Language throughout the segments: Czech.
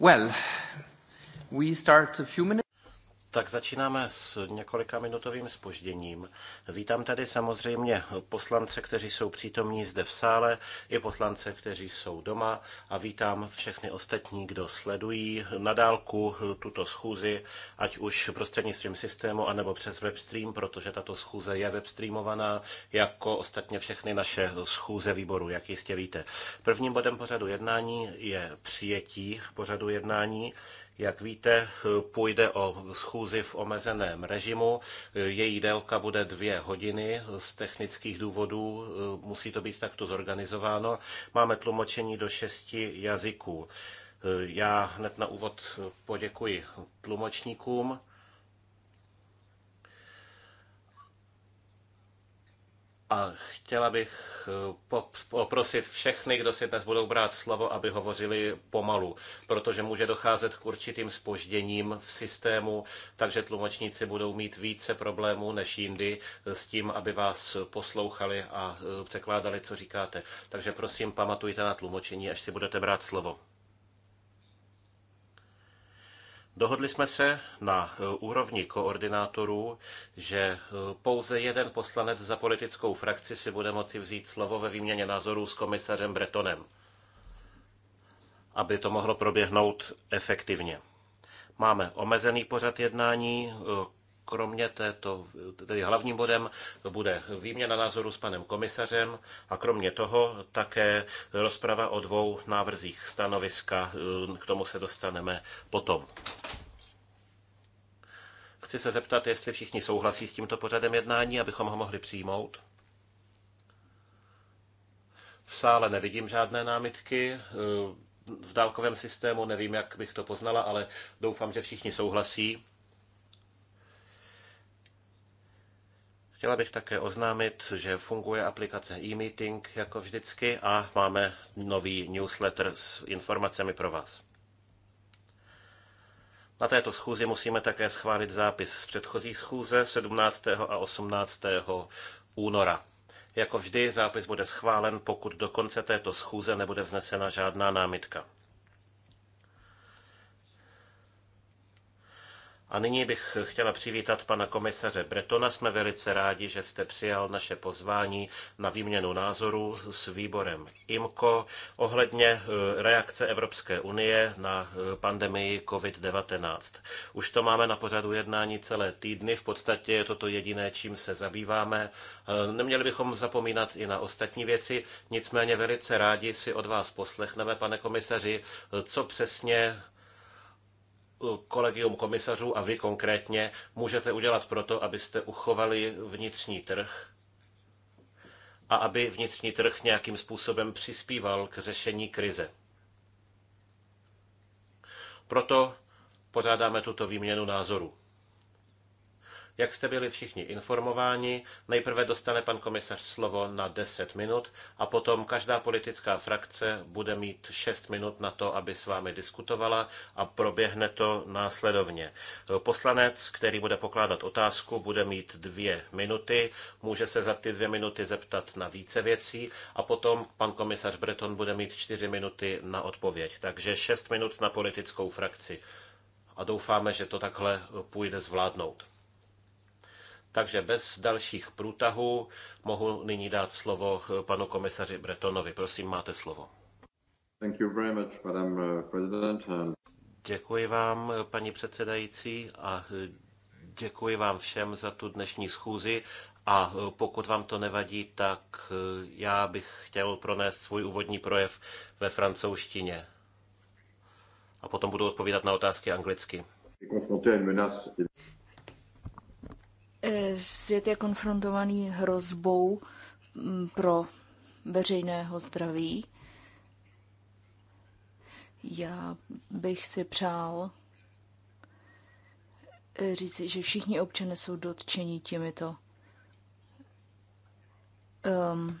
Well, we start a few minutes. Tak začínáme s několika minutovým spožděním. Vítám tady samozřejmě poslance, kteří jsou přítomní zde v sále, i poslance, kteří jsou doma a vítám všechny ostatní, kdo sledují na dálku tuto schůzi, ať už prostřednictvím systému, anebo přes webstream, protože tato schůze je webstreamovaná, jako ostatně všechny naše schůze výboru, jak jistě víte. Prvním bodem pořadu jednání je přijetí pořadu jednání. Jak víte, půjde o schůzi v omezeném režimu. Její délka bude dvě hodiny. Z technických důvodů e, musí to být takto zorganizováno. Máme tlumočení do šesti jazyků. E, já hned na úvod poděkuji tlumočníkům. A chtěla bych eh, poprosit všechny, kdo si dnes budou brát slovo, aby hovořili pomalu, protože může docházet k určitým spožděním v systému, takže tlumočníci budou mít více problémů než jindy eh, s tím, aby vás poslouchali a eh, překládali, co říkáte. Takže prosím, pamatujte na tlumočení, až si budete brát slovo. Dohodli jsme se na e, úrovni koordinátorů, že e, pouze jeden poslanec za politickou frakci si bude moci vzít slovo ve výměně názorů s komisařem Bretonem, aby to mohlo proběhnout efektivně. Máme omezený pořad jednání, e, kromě této, tedy hlavním bodem bude výměna názoru s panem komisařem a kromě toho také rozprava o dvou návrzích stanoviska, eh, k tomu se dostaneme potom. Chci se zeptat, jestli všichni souhlasí s tímto pořadem jednání, abychom ho mohli přijmout. V sále nevidím žádné námitky, eh, v dálkovém systému nevím, jak bych to poznala, ale doufám, že všichni souhlasí. Chtěla bych také oznámit, že funguje aplikace e-meeting jako vždycky a máme nový newsletter s informacemi pro vás. Na této schůzi musíme také schválit zápis z předchozí schůze 17. a 18. února. Jako vždy zápis bude schválen, pokud do konce této schůze nebude vznesena žádná námitka. A nyní bych chtěla přivítat pana komisaře Bretona. Jsme velice rádi, že jste přijal naše pozvání na výměnu názorů s výborem IMCO ohledně eh, reakce Evropské unie na eh, pandemii COVID-19. Už to máme na pořadu jednání celé týdny, v podstatě je to to jediné, čím se zabýváme. Eh, neměli bychom zapomínat i na ostatní věci, nicméně velice rádi si od vás poslechneme, pane komisaři, co přesně kolegium komisařů a vy konkrétně můžete udělat proto, abyste uchovali vnitřní trh a aby vnitřní trh nějakým způsobem přispíval k řešení krize. Proto pořádáme tuto výměnu názorů. Jak jste byli všichni informováni, nejprve dostane pan komisař slovo na 10 minut a potom každá politická frakce bude mít 6 minut na to, aby s vámi diskutovala a proběhne to následovně. Poslanec, který bude pokládat otázku, bude mít dvě minuty, může se za ty dvě minuty zeptat na více věcí a potom pan komisař Breton bude mít 4 minuty na odpověď. Takže 6 minut na politickou frakci. A doufáme, že to takhle půjde zvládnout. Takže bez dalších průtahů mohu nyní dát slovo panu komisaři Bretonovi. Prosím, máte slovo. Thank you very much, Madam uh, President. Děkuji vám, paní předsedající, a děkuji vám všem za tu dnešní schůzi. A pokud vám to nevadí, tak uh, já bych chtěl pronést svůj úvodní projev ve francouzštině. A potom budu odpovídat na otázky anglicky. E, svět je konfrontovaný hrozbou pro veřejného zdraví. Já bych si přál e, říct, že všichni občané jsou dotčeni těmito um,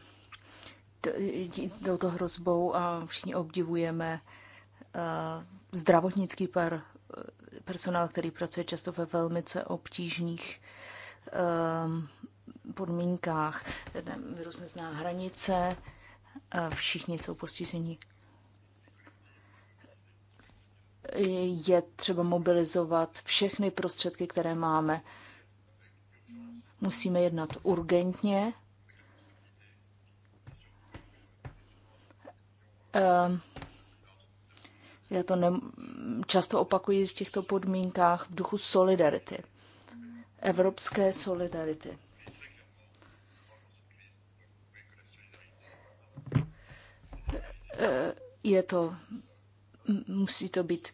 touto hrozbou a všichni obdivujeme uh, zdravotnický par, personál, který pracuje často ve velmice obtížných Um, podmínkách. Ten virus nezná hranice, všichni jsou postižení. Je třeba mobilizovat všechny prostředky, které máme. Musíme jednat urgentně. Um, já to ne, často opakuji v těchto podmínkách v duchu solidarity evropské solidarity. Eh, je to, musí to být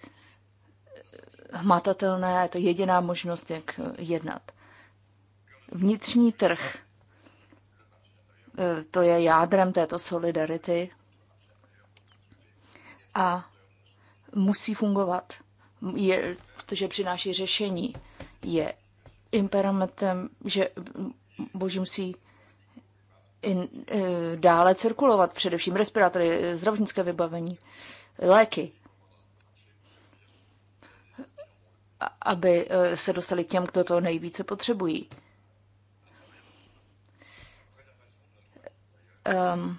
hmatatelné, je to jediná možnost, jak jednat. Vnitřní trh, eh, to je jádrem této solidarity a musí fungovat, je, protože přináší řešení. Je imperamentem, že boží musí in, e, dále cirkulovat, především respirátory, zdravotnické vybavení, léky, aby e, se dostali k těm, kdo to nejvíce potřebují. Um,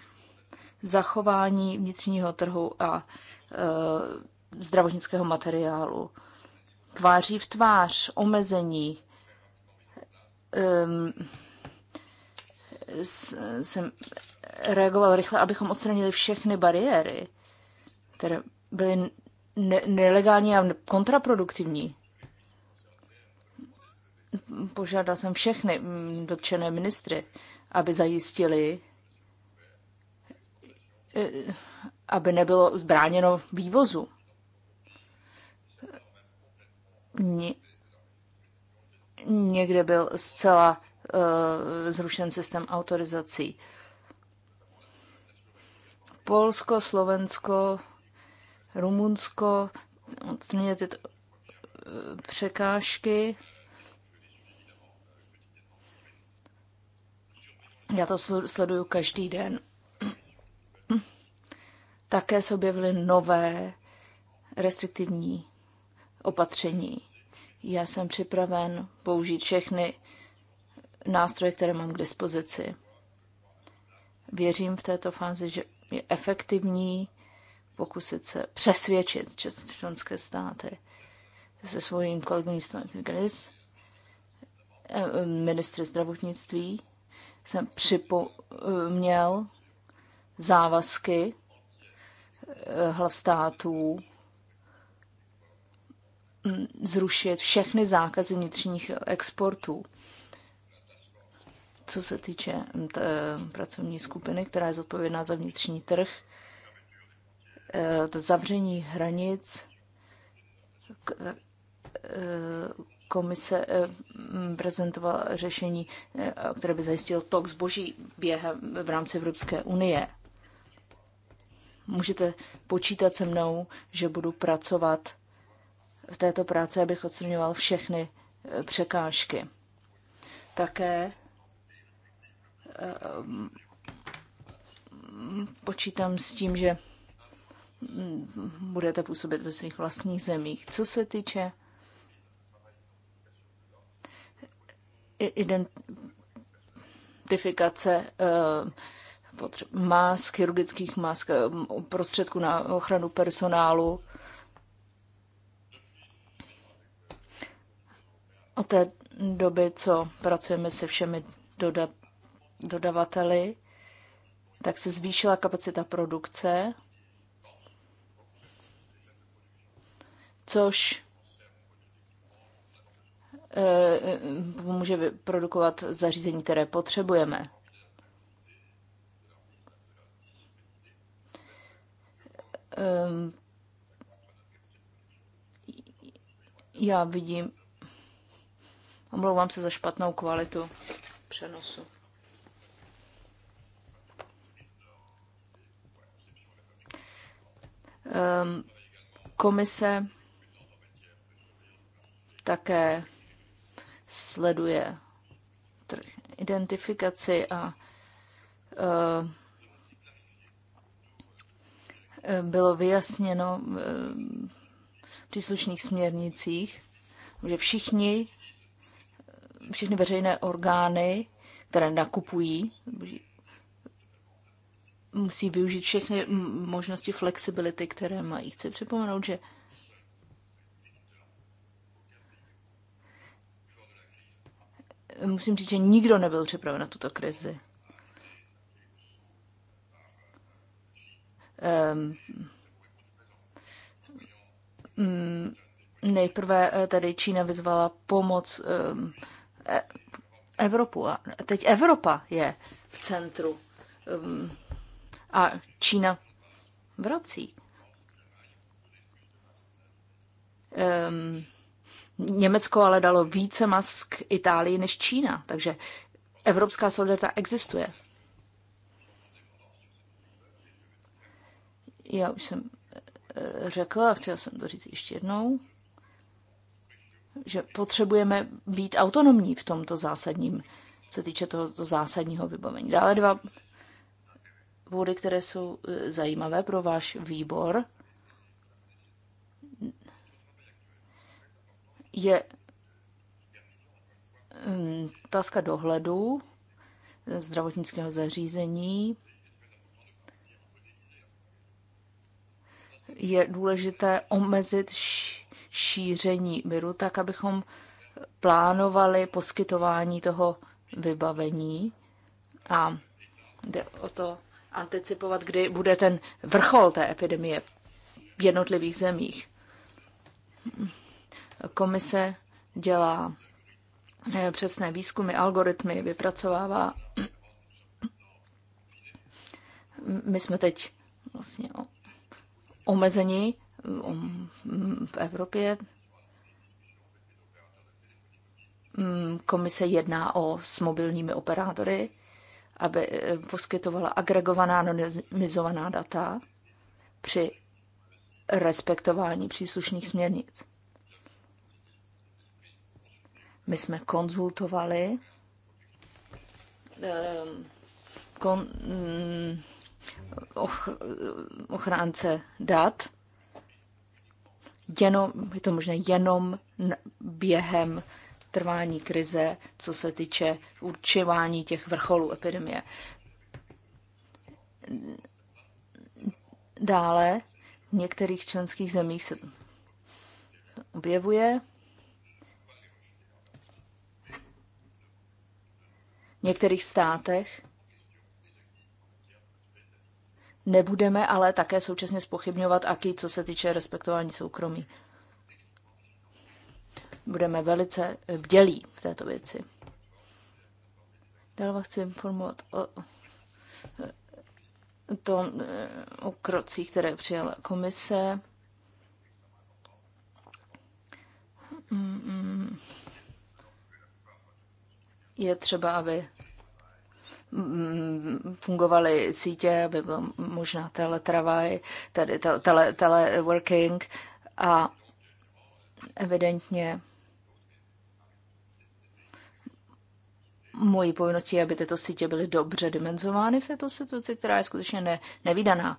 zachování vnitřního trhu a uh, zdravotnického materiálu. Tváří v tvář, omezení, um, jsem reagoval rychle, abychom odstranili všechny bariéry, které byly ne- nelegální a kontraproduktivní. Požádal jsem všechny mm, dotčené ministry, aby zajistili, e, aby nebylo zbráněno vývozu. Někde byl zcela uh, zrušen systém autorizací. Polsko, Slovensko, Rumunsko odstranili tyto eh, překážky. Já to sleduju každý den. Také se objevily nové restriktivní opatření. Já jsem připraven použít všechny nástroje, které mám k dispozici. Věřím v této fázi, že je efektivní pokusit se přesvědčit členské státy se svým kolegou Gris, eh, ministry zdravotnictví, jsem připomněl eh, závazky eh, hlav států zrušit všechny zákazy vnitřních exportů. Co se týče e, pracovní skupiny, která je zodpovědná za vnitřní trh, e, zavření hranic, e, komise prezentovala řešení, které by zajistilo tok zboží během v rámci Evropské unie. Můžete počítat se mnou, že budu pracovat v této práci, abych odstraňoval všechny e, překážky. Také e, počítám s tím, že budete působit ve svých vlastních zemích. Co se týče identifikace e, potřeb, mask, chirurgických mask, prostředků na ochranu personálu, Od té doby, co pracujeme se všemi doda- dodavateli, tak se zvýšila kapacita produkce, což e, může produkovat zařízení, které potřebujeme. Ehm, já vidím, Omlouvám se za špatnou kvalitu přenosu. Um, komise také sleduje identifikaci a uh, bylo vyjasněno v příslušných směrnicích, že všichni všechny veřejné orgány, které nakupují, musí využít všechny možnosti flexibility, které mají. Chci připomenout, že musím říct, že nikdo nebyl připraven na tuto krizi. Um, nejprve eh, tady Čína vyzvala pomoc um, E, Evropu. A teď Evropa je v centru a Čína vrací. Německo ale dalo více mask Itálii než Čína, takže evropská solidarita existuje. Já už jsem eh, řekla a chtěla jsem to říct ještě jednou že potřebujeme být autonomní v tomto zásadním, se týče toho, toho zásadního vybavení. Dále dva body, které jsou e, zajímavé pro váš výbor, je mm, otázka dohledu zdravotnického zařízení. Je důležité omezit š šíření miru, tak abychom plánovali poskytování toho vybavení a jde o to anticipovat, kdy bude ten vrchol té epidemie v jednotlivých zemích. Komise dělá eh, přesné výzkumy, algoritmy, vypracovává. My jsme teď vlastně omezeni v Evropě. Mm, Komise jedná o, s mobilními operátory, aby eh, poskytovala agregovaná anonymizovaná data při respektování příslušných směrnic. My jsme konzultovali eh, kon, mm, ochránce dat jenom, je to možné jenom během trvání krize, co se týče určování těch vrcholů epidemie. Dále v některých členských zemích se objevuje. V některých státech Nebudeme ale také současně spochybňovat aký, co se týče respektování soukromí. Budeme velice eh, bdělí v této věci. Dále vám chci informovat o eh, tom eh, o krocích, které přijala komise. Hmm, hmm. Je třeba, aby Mm, fungovaly sítě, aby byl možná teletravaj, tedy tele, teleworking a evidentně mojí povinností aby tyto sítě byly dobře dimenzovány v této situaci, která je skutečně ne, nevydaná.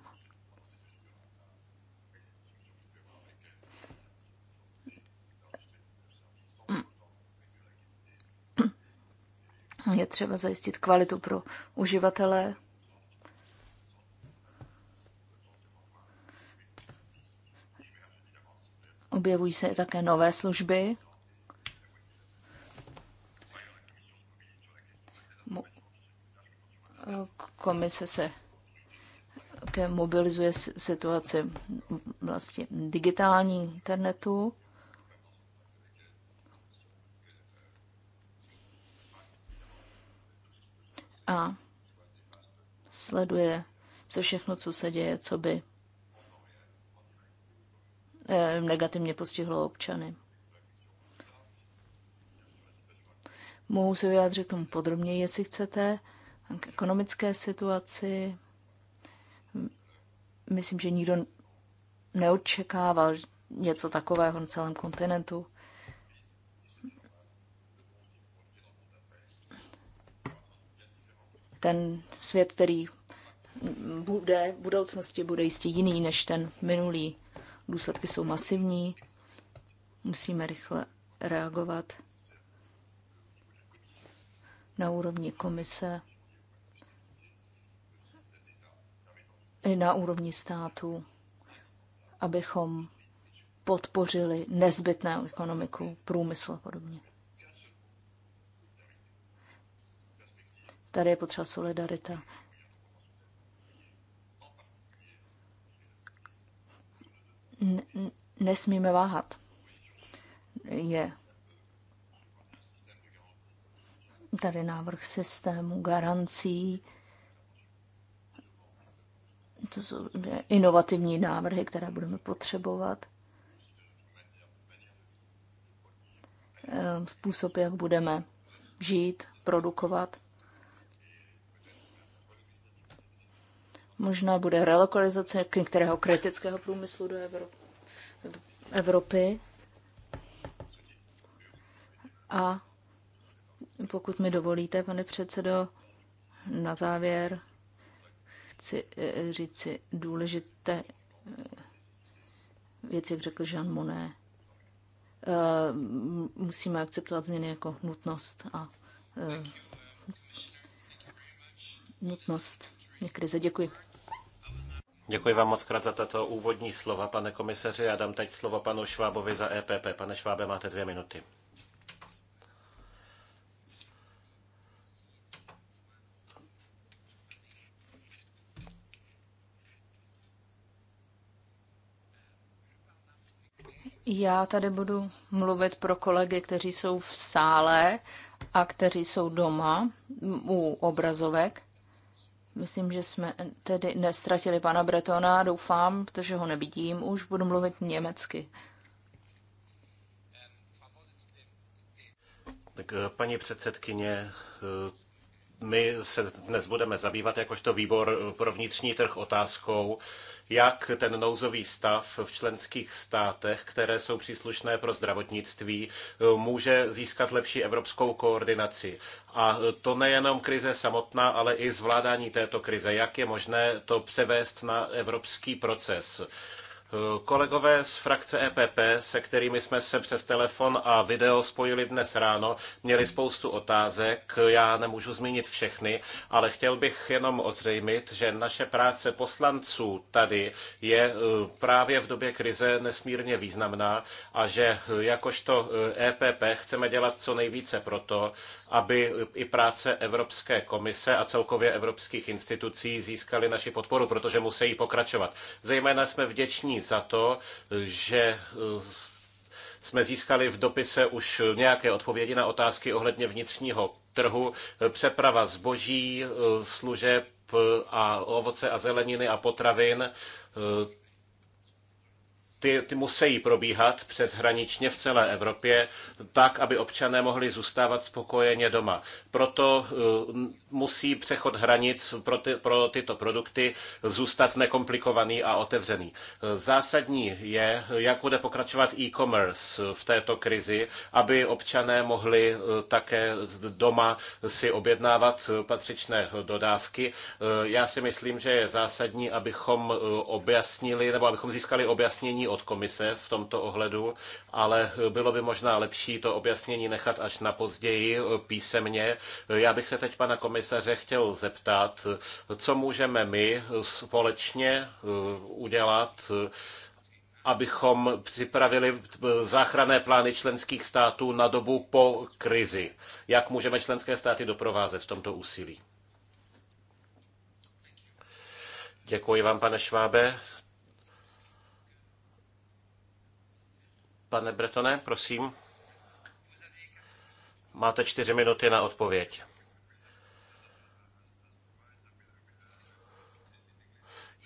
Je třeba zajistit kvalitu pro uživatele. Objevují se také nové služby. Komise se mobilizuje situaci vlastně digitální internetu. a sleduje se všechno, co se děje, co by eh, negativně postihlo občany. Mohu se vyjádřit k tomu podrobněji, jestli chcete, k ekonomické situaci. Myslím, že nikdo neočekával něco takového na celém kontinentu. ten svět, který bude, v budoucnosti bude jistě jiný než ten minulý. Důsledky jsou masivní, musíme rychle reagovat na úrovni komise i na úrovni státu, abychom podpořili nezbytnou ekonomiku, průmysl a podobně. Tady je potřeba solidarita. N- nesmíme váhat. Je tady návrh systému garancí. To jsou inovativní návrhy, které budeme potřebovat. Ehm, způsob, jak budeme žít, produkovat. Možná bude relokalizace některého kritického průmyslu do Evropy. A pokud mi dovolíte, pane předsedo, na závěr chci eh, říci důležité eh, věci, jak řekl Jean Monnet. Eh, musíme akceptovat změny jako nutnost a nutnost. Někdy za děkuji. Děkuji vám moc krát za tato úvodní slova, pane komisaři. Já dám teď slovo panu Švábovi za EPP. Pane Švábe, máte dvě minuty. Já tady budu mluvit pro kolegy, kteří jsou v sále a kteří jsou doma u obrazovek. Myslím, že jsme tedy nestratili pana Bretona, doufám, protože ho nevidím, už budu mluvit německy. Tak eh, paní předsedkyně, eh, my se dnes budeme zabývat jakožto výbor pro vnitřní trh otázkou, jak ten nouzový stav v členských státech, které jsou příslušné pro zdravotnictví, může získat lepší evropskou koordinaci. A to nejenom krize samotná, ale i zvládání této krize. Jak je možné to převést na evropský proces? Kolegové z frakce EPP, se kterými jsme se přes telefon a video spojili dnes ráno, měli spoustu otázek. Já nemůžu zmínit všechny, ale chtěl bych jenom ozřejmit, že naše práce poslanců tady je eh, právě v době krize nesmírně významná a že eh, jakožto EPP eh, e chceme dělat co nejvíce proto, aby i práce Evropské komise a celkově evropských institucí získaly naši podporu, protože musí pokračovat. Zejména jsme vděční za to, že eh, jsme získali v dopise už nějaké odpovědi na otázky ohledně vnitřního trhu, eh, přeprava zboží, eh, služeb a ovoce a zeleniny a potravin ty, ty musí probíhat přeshraničně v celé Evropě, tak, aby občané mohli zůstávat spokojeně doma. Proto uh, musí přechod hranic pro, ty, pro tyto produkty zůstat nekomplikovaný a otevřený. Zásadní je, jak bude pokračovat e-commerce v této krizi, aby občané mohli uh, také doma si objednávat patřičné dodávky. Uh, já si myslím, že je zásadní, abychom objasnili nebo abychom získali objasnění od komise v tomto ohledu, ale bylo by možná lepší to objasnění nechat až na později eh, písemně. Já bych se teď pana komisaře chtěl zeptat, co můžeme my společně eh, udělat, eh, abychom připravili záchranné plány členských států na dobu po krizi. Jak můžeme členské státy doprovázet v tomto úsilí? Děkuji vám, pane Švábe. Pane Bretone, prosím. Máte čtyři minuty na odpověď.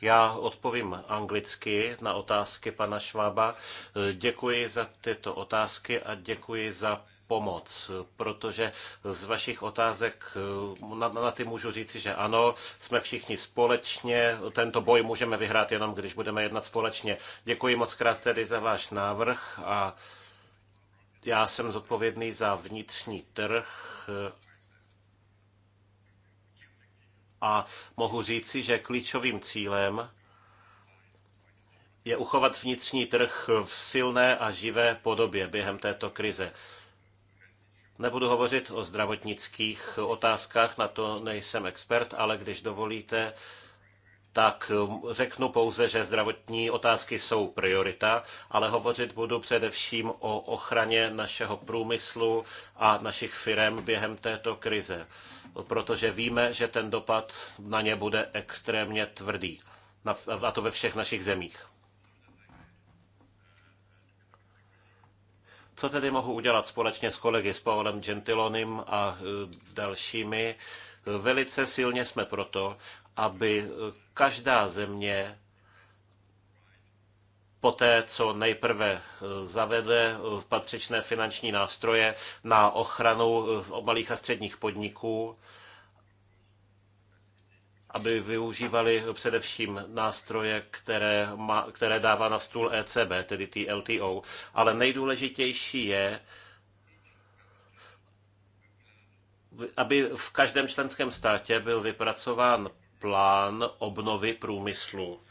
Já odpovím anglicky na otázky pana Švába. Děkuji za tyto otázky a děkuji za pomoc, protože z vašich otázek eh, na, na ty můžu říci, že ano, jsme všichni společně, tento boj můžeme vyhrát jenom, když budeme jednat společně. Děkuji moc krát tedy za váš návrh a já jsem zodpovědný za vnitřní trh eh, a mohu říci, že klíčovým cílem je uchovat vnitřní trh v silné a živé podobě během této krize. Nebudu hovořit o zdravotnických otázkách, na to nejsem expert, ale když dovolíte, tak řeknu pouze, že zdravotní otázky jsou priorita, ale hovořit budu především o ochraně našeho průmyslu a našich firm během této krize, protože víme, že ten dopad na ně bude extrémně tvrdý, a to ve všech našich zemích. Co tedy mohu udělat společně s kolegy, s Paulem Gentilonim a e, dalšími? Velice silně jsme proto, aby e, každá země poté, co nejprve e, zavede patřičné finanční nástroje na ochranu malých a středních podniků, aby využívali především nástroje, které, má, které dává na stůl ECB, tedy TLTO. LTO. Ale nejdůležitější je, aby v každém členském státě byl vypracován plán obnovy průmyslu,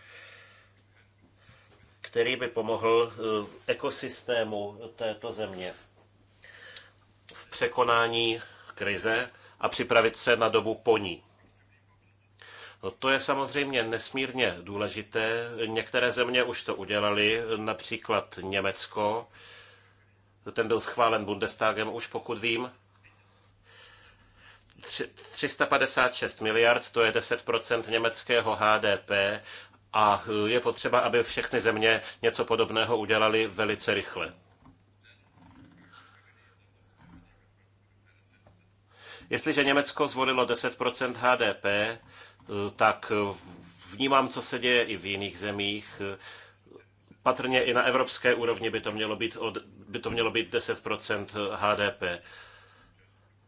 který by pomohl eh, ekosystému této země v překonání krize a připravit se na dobu po ní. No, to je samozřejmě nesmírně důležité. Některé země už to udělaly, například Německo. Ten byl schválen Bundestagem už, pokud vím. 356 miliard, to je 10% německého HDP a eh, je potřeba, aby všechny země něco podobného udělali velice rychle. Jestliže Německo zvolilo 10% HDP, tak vnímám, co se děje i v jiných zemích. Patrně i na evropské úrovni by to mělo být, od, by to mělo být 10% HDP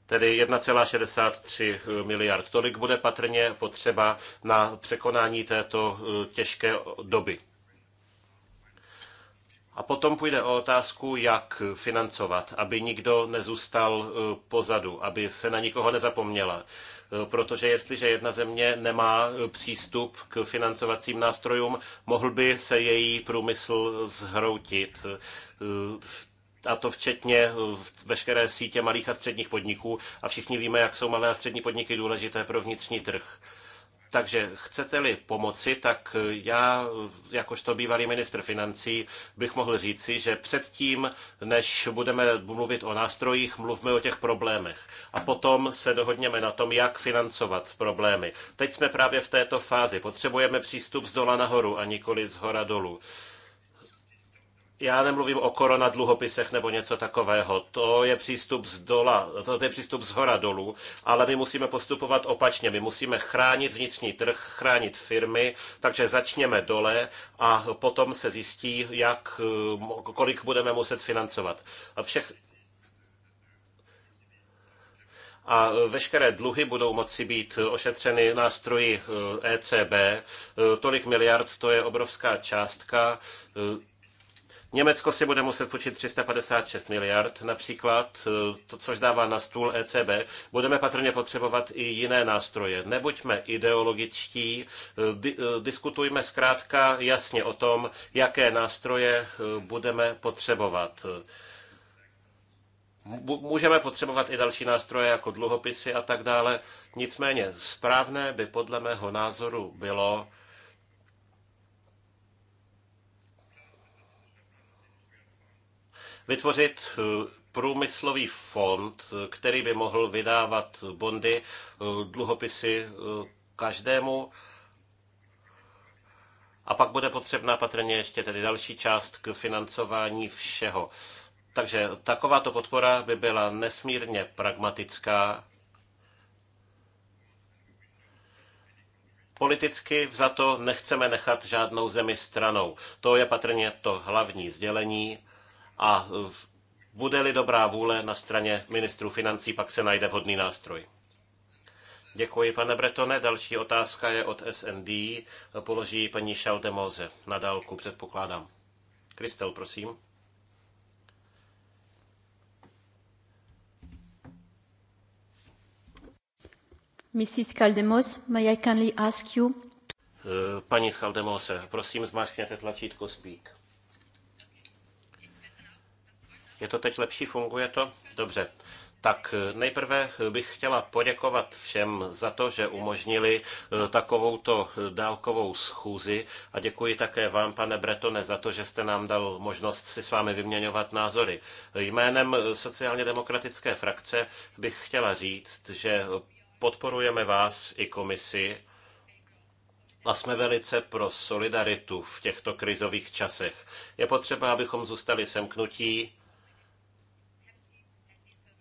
tedy 1,63 miliard. Tolik bude patrně potřeba na překonání této eh, těžké doby. A potom půjde o otázku, jak financovat, aby nikdo nezůstal eh, pozadu, aby se na nikoho nezapomněla protože jestliže jedna země nemá e, přístup k financovacím nástrojům, mohl by se její průmysl zhroutit e, a to včetně e, veškeré sítě malých a středních podniků. A všichni víme, jak jsou malé a střední podniky důležité pro vnitřní trh. Takže chcete-li pomoci, tak já, jakožto bývalý ministr financí, bych mohl říci, že předtím, než budeme mluvit o nástrojích, mluvme o těch problémech. A potom se dohodněme na tom, jak financovat problémy. Teď jsme právě v této fázi. Potřebujeme přístup z dola nahoru a nikoli z hora dolů. Já nemluvím o korona dluhopisech nebo něco takového. To je přístup z dola, to je přístup z hora dolů, ale my musíme postupovat opačně. My musíme chránit vnitřní trh, chránit firmy, takže začněme dole a potom se zjistí, jak, kolik budeme muset financovat. A všech, a veškeré dluhy budou moci být ošetřeny nástroji ECB. Eh, e eh, tolik miliard, to je obrovská částka. Eh, Německo si bude muset počít 356 miliard například, eh, to, což dává na stůl ECB. Budeme patrně potřebovat i jiné nástroje. Nebuďme ideologičtí, eh, di, eh, diskutujme zkrátka jasně o tom, jaké nástroje budeme potřebovat. Můžeme potřebovat i další nástroje jako dluhopisy a tak dále. Nicméně správné by podle mého názoru bylo, vytvořit eh, průmyslový fond, eh, který by mohl vydávat bondy, eh, dluhopisy každému. A pak bude potřebná patrně ještě tedy další část k financování všeho. Takže takováto podpora by byla nesmírně pragmatická. Politicky za to nechceme nechat žádnou zemi stranou. To je patrně to hlavní sdělení. A bude-li dobrá vůle na straně ministrů financí, pak se najde vhodný nástroj. Děkuji, pane Bretone. Další otázka je od SND. Položí paní Šaldemoze. Na dálku předpokládám. Kristel, prosím. Mrs. Kaldemos, may I kindly ask you? Eh, paní Skaldemose, prosím, zmáčkněte tlačítko Speak. Je to teď lepší? Funguje to? Dobře. Tak eh, nejprve bych chtěla poděkovat všem za to, že umožnili eh, takovouto eh, dálkovou schůzi a děkuji také vám, pane Bretone, za to, že jste nám dal možnost si s vámi vyměňovat názory. Jménem sociálně demokratické frakce bych chtěla říct, že podporujeme vás i komisi a jsme velice pro solidaritu v těchto krizových časech. Je potřeba, abychom zůstali semknutí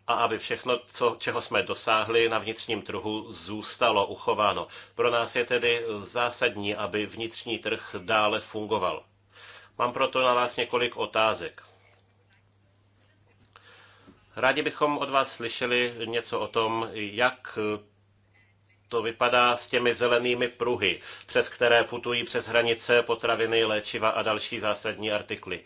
a aby všechno, co, čeho jsme dosáhli na vnitřním trhu, zůstalo uchováno. Pro nás je tedy zásadní, aby vnitřní trh dále fungoval. Mám proto na vás několik otázek. Rádi bychom od vás slyšeli něco o tom, jak to vypadá s těmi zelenými pruhy, přes které putují přes hranice potraviny, léčiva a další zásadní artikly.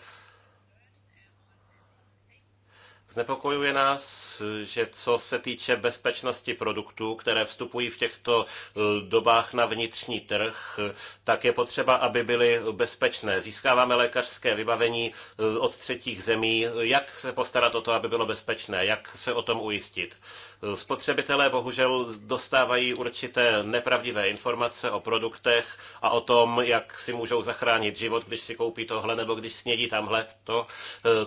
Znepokojuje nás, že co se týče bezpečnosti produktů, které vstupují v těchto eh, dobách na vnitřní trh, tak je potřeba, aby byly bezpečné. Získáváme lékařské vybavení eh, od třetích zemí. Jak se postarat o to, aby bylo bezpečné? Jak se o tom ujistit? Spotřebitelé bohužel dostávají určité nepravdivé informace o produktech a o tom, jak si můžou zachránit život, když si koupí tohle nebo když snědí tamhle to,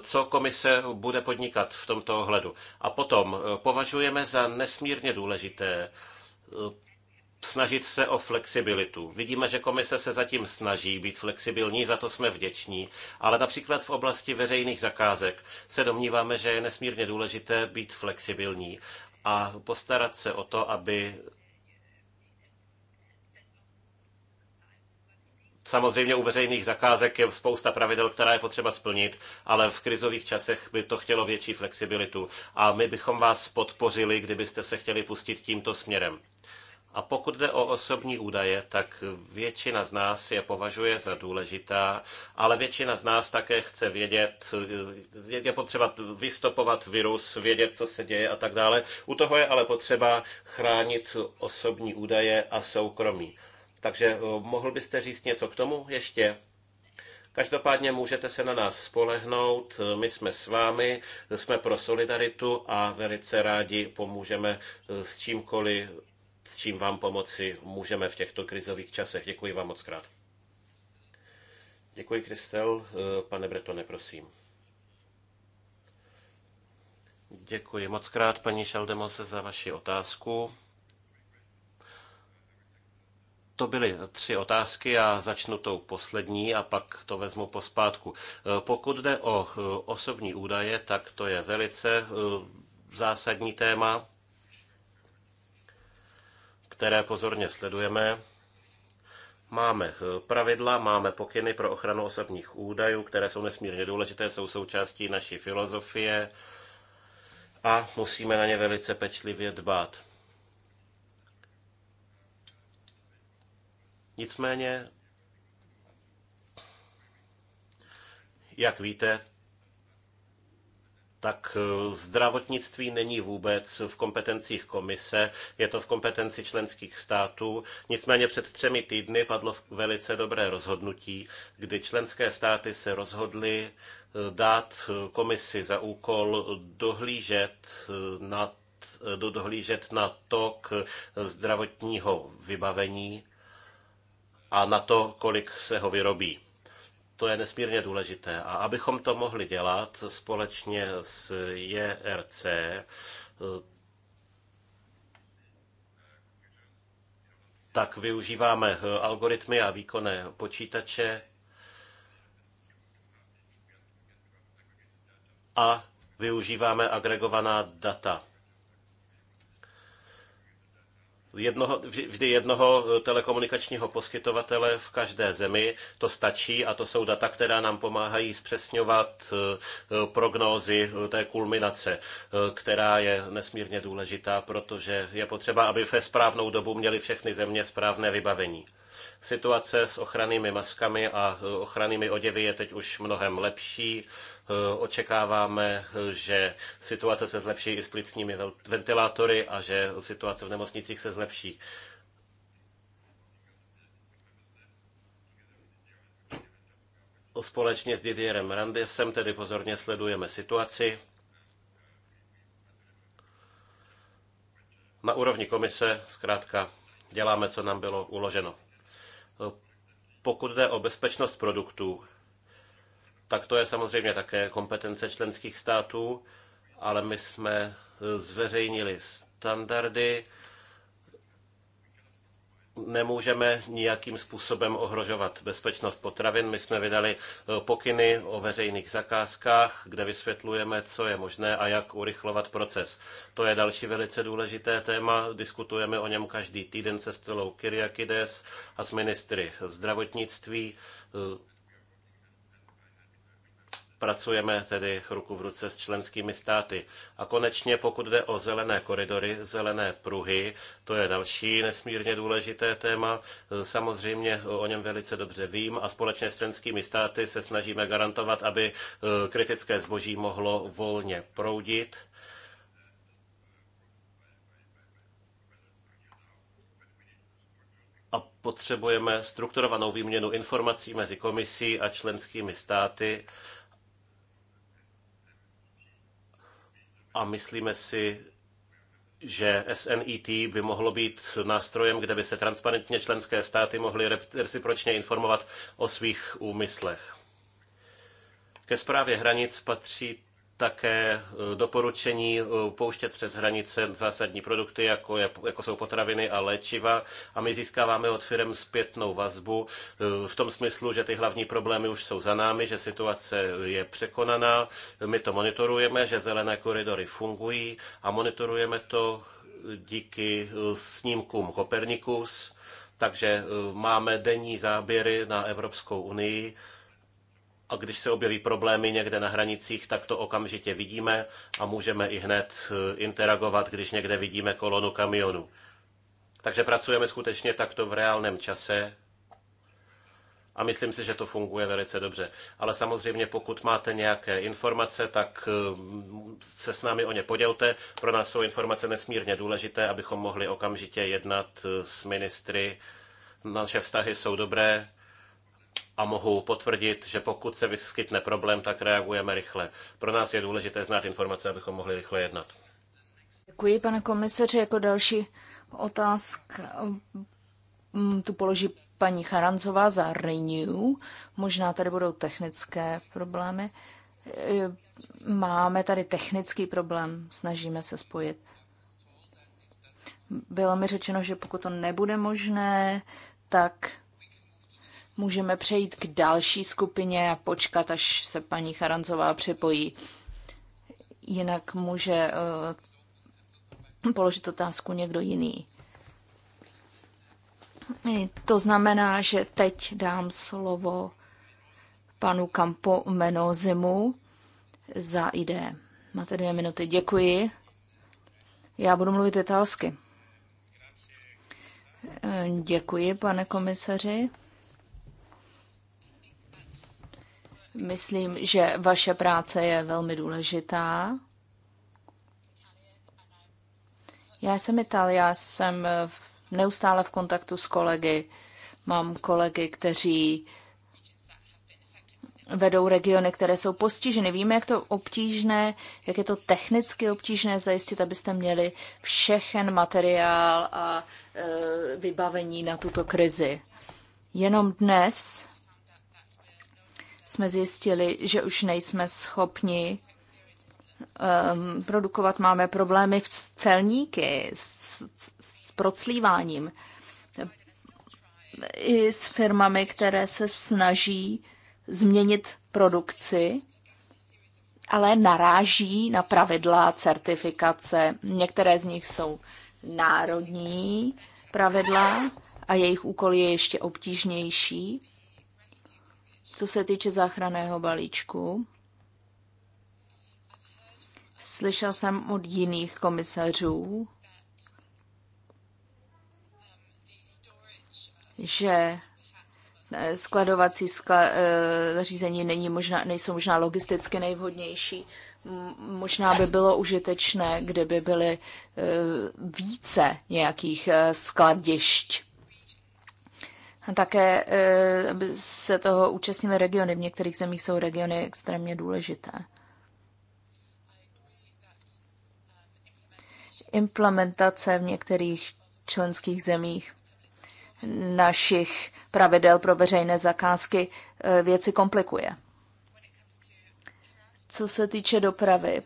co komise bude podnikat v tomto ohledu. A potom považujeme za nesmírně důležité eh, snažit se o flexibilitu. Vidíme, že komise se zatím snaží být flexibilní, za to jsme vděční, ale například v oblasti veřejných zakázek se domníváme, že je nesmírně důležité být flexibilní a postarat se o to, aby Samozřejmě u veřejných zakázek je spousta pravidel, která je potřeba splnit, ale v krizových časech by to chtělo větší flexibilitu. A my bychom vás podpořili, kdybyste se chtěli pustit tímto směrem. A pokud jde o osobní údaje, tak většina z nás je považuje za důležitá, ale většina z nás také chce vědět, je potřeba vystopovat virus, vědět, co se děje a tak dále. U toho je ale potřeba chránit osobní údaje a soukromí. Takže eh, mohl byste říct něco k tomu ještě? Každopádně můžete se na nás spolehnout, eh, my jsme s vámi, jsme pro solidaritu a velice rádi pomůžeme eh, s čímkoliv s čím vám pomoci můžeme v těchto krizových časech. Děkuji vám moc krát. Děkuji, Kristel. Eh, pane Bretone, prosím. Děkuji moc krát, paní Šaldemose za vaši otázku. To byly tři otázky, já začnu tou poslední a pak to vezmu pospátku. Eh, pokud jde o eh, osobní údaje, tak to je velice zásadní téma které pozorně sledujeme. Máme eh, pravidla, máme pokyny pro ochranu osobních údajů, které jsou nesmírně důležité, jsou součástí naší filozofie a musíme na ně velice pečlivě dbát. Nicméně, jak víte, tak eh, zdravotnictví není vůbec v kompetencích komise, je to v kompetenci členských států. Nicméně před třemi týdny padlo velice dobré rozhodnutí, kdy členské státy se rozhodly eh, dát eh, komisi za úkol dohlížet na dohlížet na tok zdravotního vybavení a na to, kolik se ho vyrobí. To je nesmírně důležité. A abychom to mohli dělat společně s JRC, tak využíváme algoritmy a výkonné počítače a využíváme agregovaná data jednoho, vždy jednoho eh, telekomunikačního poskytovatele v každé zemi. To stačí a to jsou data, která nám pomáhají zpřesňovat eh, eh, prognózy té kulminace, která je nesmírně důležitá, protože je potřeba, aby ve správnou dobu měly všechny země správné vybavení. Situace s ochrannými maskami a e, ochrannými oděvy je teď už mnohem lepší. E, očekáváme, e, že situace se zlepší i s plicními ventilátory a že situace v nemocnicích se zlepší. Společně s Didierem Randesem tedy pozorně sledujeme situaci. Na úrovni komise zkrátka děláme, co nám bylo uloženo. Pokud jde o bezpečnost produktů, tak to je samozřejmě také kompetence členských států, ale my jsme zveřejnili standardy, nemůžeme nijakým způsobem ohrožovat bezpečnost potravin. My jsme vydali eh, pokyny o veřejných zakázkách, kde vysvětlujeme, co je možné a jak urychlovat proces. To je další velice důležité téma. Diskutujeme o něm každý týden se Stelou Kyriakides a s ministry zdravotnictví eh, pracujeme tedy ruku v ruce s členskými státy. A konečně, pokud jde o zelené koridory, zelené pruhy, to je další nesmírně důležité téma. Samozřejmě o něm velice dobře vím a společně s členskými státy se snažíme garantovat, aby eh, kritické zboží mohlo volně proudit. a potřebujeme strukturovanou výměnu informací mezi komisí a členskými státy, A myslíme si, že SNET by mohlo být nástrojem, kde by se transparentně členské státy mohly recipročně informovat o svých úmyslech. Ke zprávě hranic patří také eh, doporučení eh, pouštět přes hranice zásadní produkty, jako, je, jako jsou potraviny a léčiva. A my získáváme od firm zpětnou vazbu eh, v tom smyslu, že ty hlavní problémy už jsou za námi, že situace je překonaná. My to monitorujeme, že zelené koridory fungují a monitorujeme to díky snímkům Copernicus. Takže máme denní záběry na Evropskou unii a když se objeví problémy někde na hranicích, tak to okamžitě vidíme a můžeme i hned eh, interagovat, když někde vidíme kolonu kamionů. Takže pracujeme skutečně takto v reálném čase a myslím si, že to funguje velice dobře. Ale samozřejmě, pokud máte nějaké informace, tak eh, se s námi o ně podělte. Pro nás jsou informace nesmírně důležité, abychom mohli okamžitě jednat eh, s ministry. Naše vztahy jsou dobré, a mohu potvrdit, že pokud se vyskytne problém, tak reagujeme rychle. Pro nás je důležité znát informace, abychom mohli rychle jednat. Děkuji, pane komisaři. Jako další otázka mm, tu položí paní Charanzová za Renew. Možná tady budou technické problémy. E, máme tady technický problém, snažíme se spojit. Bylo mi řečeno, že pokud to nebude možné, tak můžeme přejít k další skupině a počkat, až se paní Charanzová připojí. Jinak může eh, položit otázku někdo jiný. To znamená, že teď dám slovo panu Campo Menozimu za ide. Máte dvě minuty. Děkuji. Já budu mluvit italsky. Eh, děkuji, pane komisaři. Myslím, že vaše práce je velmi důležitá. Já jsem Italia, jsem neustále v kontaktu s kolegy. Mám kolegy, kteří vedou regiony, které jsou postiženy. Víme, jak to obtížné, jak je to technicky obtížné zajistit, abyste měli všechen materiál a e, vybavení na tuto krizi. Jenom dnes jsme zjistili, že už nejsme schopni um, produkovat. Máme problémy s celníky, s, s, s proclíváním, i s firmami, které se snaží změnit produkci, ale naráží na pravidla certifikace. Některé z nich jsou národní pravidla a jejich úkol je ještě obtížnější co se týče záchranného balíčku. Slyšel jsem od jiných komisařů, že eh, skladovací skla, eh, zařízení není možná, nejsou možná logisticky nejvhodnější. Možná by bylo užitečné, kdyby byly eh, více nějakých skladišť také eh, se toho účastnily regiony. V některých zemích jsou regiony extrémně důležité. Implementace v některých členských zemích našich pravidel pro veřejné zakázky eh, věci komplikuje. Co se týče dopravy,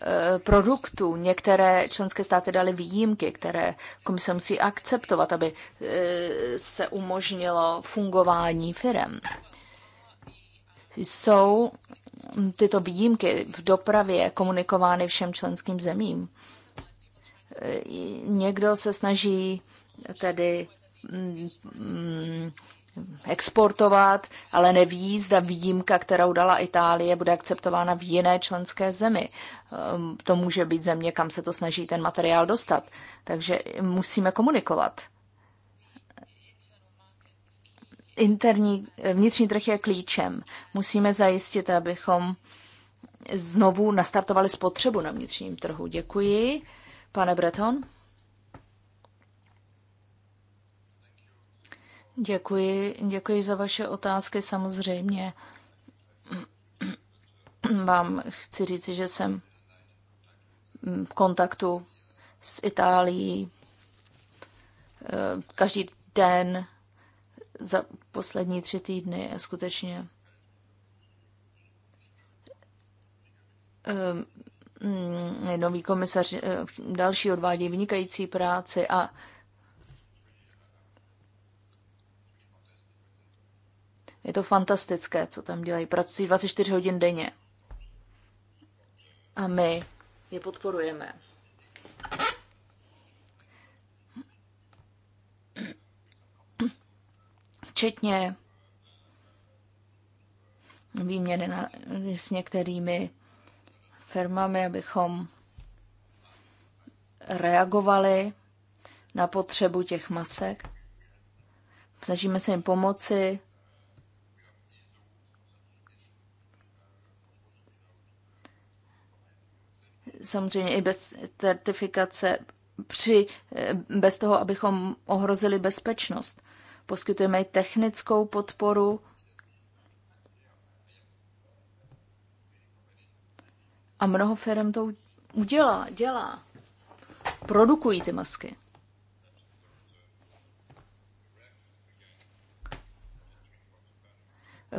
Eh, produktů. Některé členské státy daly výjimky, které komise musí akceptovat, aby eh, se umožnilo fungování firem. Jsou tyto výjimky v dopravě komunikovány všem členským zemím. Eh, někdo se snaží tedy mm, mm, exportovat, ale neví, zda výjimka, kterou dala Itálie, bude akceptována v jiné členské zemi. Ehm, to může být země, kam se to snaží ten materiál dostat. Takže musíme komunikovat. Interní, vnitřní trh je klíčem. Musíme zajistit, abychom znovu nastartovali spotřebu na vnitřním trhu. Děkuji. Pane Breton? Děkuji, děkuji za vaše otázky. Samozřejmě vám chci říci, že jsem v kontaktu s Itálií eh, každý den za poslední tři týdny skutečně eh, mm, nový komisař eh, další odvádí vynikající práci a Je to fantastické, co tam dělají. Pracují 24 hodin denně. A my je podporujeme. Včetně výměny na, s některými firmami, abychom reagovali na potřebu těch masek. Snažíme se jim pomoci, samozřejmě i bez certifikace, při, eh, bez toho, abychom ohrozili bezpečnost. Poskytujeme i technickou podporu, A mnoho firm to udělá, dělá. Produkují ty masky.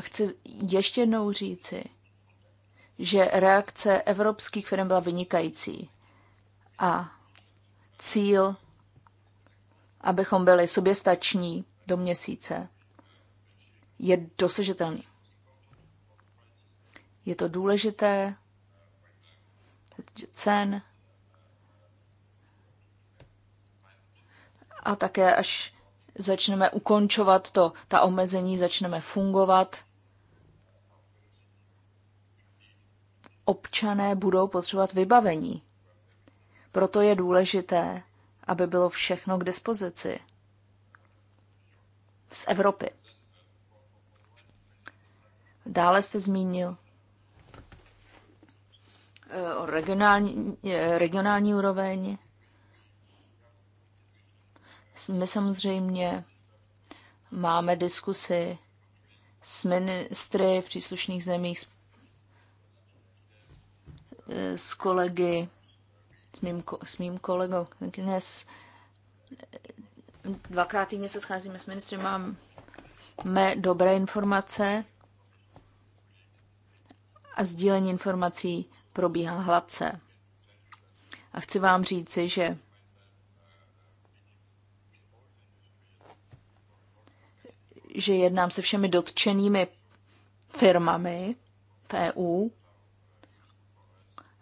Chci ještě jednou říci, že reakce evropských firm byla vynikající a cíl, abychom byli soběstační do měsíce, je dosažitelný. Je to důležité, cen a také až začneme ukončovat to, ta omezení začneme fungovat, občané budou potřebovat vybavení. Proto je důležité, aby bylo všechno k dispozici z Evropy. Dále jste zmínil eh, o regionální, eh, regionální úroveň. My samozřejmě máme diskusy s ministry v příslušných zemích, s Eh, s kolegy, s mým, s mým kolegou dnes eh, dvakrát týdně se scházíme s ministry, mé dobré informace a sdílení informací probíhá hladce. A chci vám říci, že že jednám se všemi dotčenými firmami v EU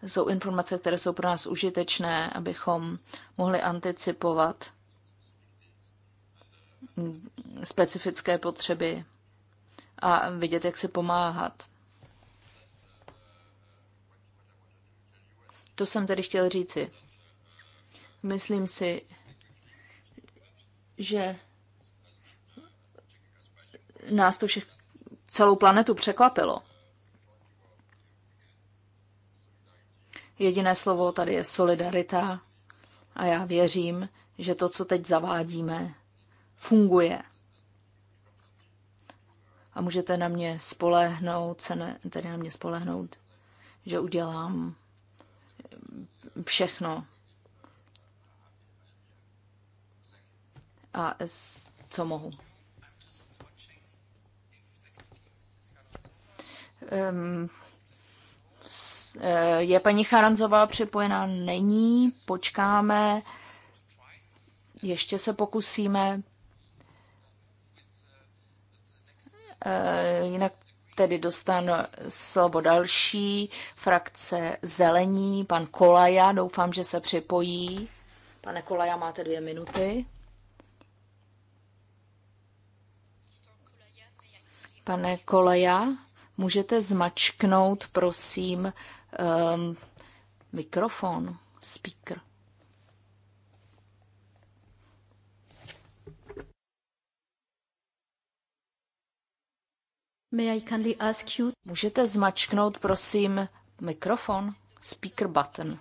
jsou informace, které jsou pro nás užitečné, abychom mohli anticipovat specifické potřeby a vidět, jak si pomáhat. To jsem tedy chtěl říci. Myslím si, že nás to všech celou planetu překvapilo. Jediné slovo tady je solidarita a já věřím, že to, co teď zavádíme, funguje. A můžete na mě spolehnout, se ne, tedy na mě spolehnout, že udělám všechno. A s co mohu. Um, Eh, je paní Charanzová připojená? Není. Počkáme. Ještě se pokusíme. Eh, jinak tedy dostanu slovo další frakce Zelení, pan Kolaja, doufám, že se připojí. Pane Kolaja, máte dvě minuty. Pane Kolaja, Můžete zmačknout, prosím, um, mikrofon, speaker. May I kindly ask you... Můžete zmačknout, prosím, mikrofon, speaker button.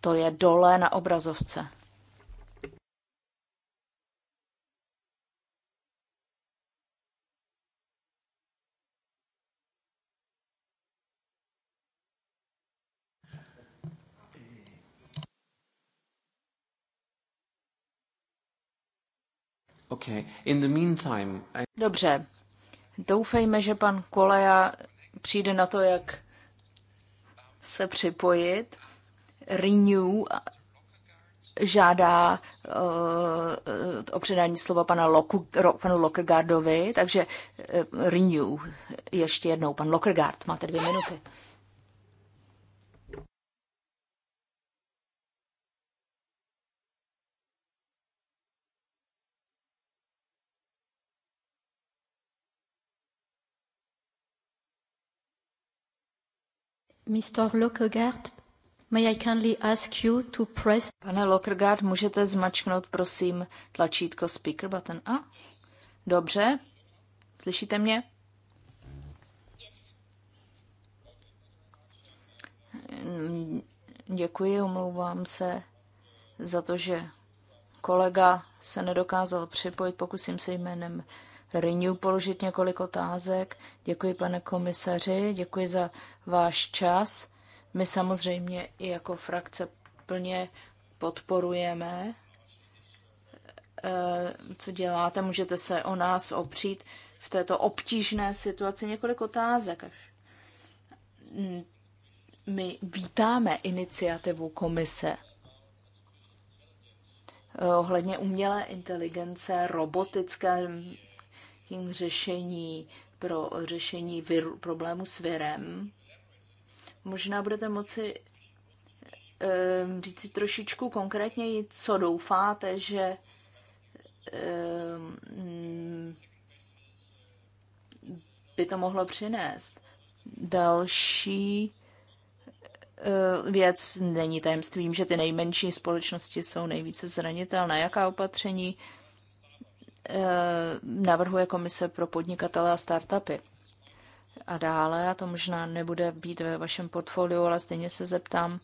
To je dole na obrazovce. Okay. In the meantime, I... Dobře. Doufejme, že pan Koleja přijde na to, jak se připojit. Renew žádá uh, o předání slova pana Loku, ro, panu Lockergardovi, takže uh, Renew ještě jednou. Pan Lockergard, máte dvě minuty. Mr. may I kindly ask you to press... Pane Lockergard, můžete zmačknout, prosím, tlačítko speaker button a? Dobře. Slyšíte mě? Děkuji, omlouvám se za to, že kolega se nedokázal připojit. Pokusím se jménem Renew položit několik otázek. Děkuji, pane komisaři, děkuji za váš čas. My samozřejmě i jako frakce plně podporujeme, eh, co děláte. Můžete se o nás opřít v této obtížné situaci několik otázek. My vítáme iniciativu komise eh, ohledně umělé inteligence, robotické řešení pro řešení viru, problému s virem. Možná budete moci um, ehm, říct si trošičku konkrétněji, co doufáte, že um, by to mohlo přinést. Další eh, věc není tajemstvím, že ty nejmenší společnosti jsou nejvíce zranitelné. Jaká opatření navrhuje Komise pro podnikatele a startupy. A dále, a to možná nebude být ve vašem portfoliu, ale stejně se zeptám,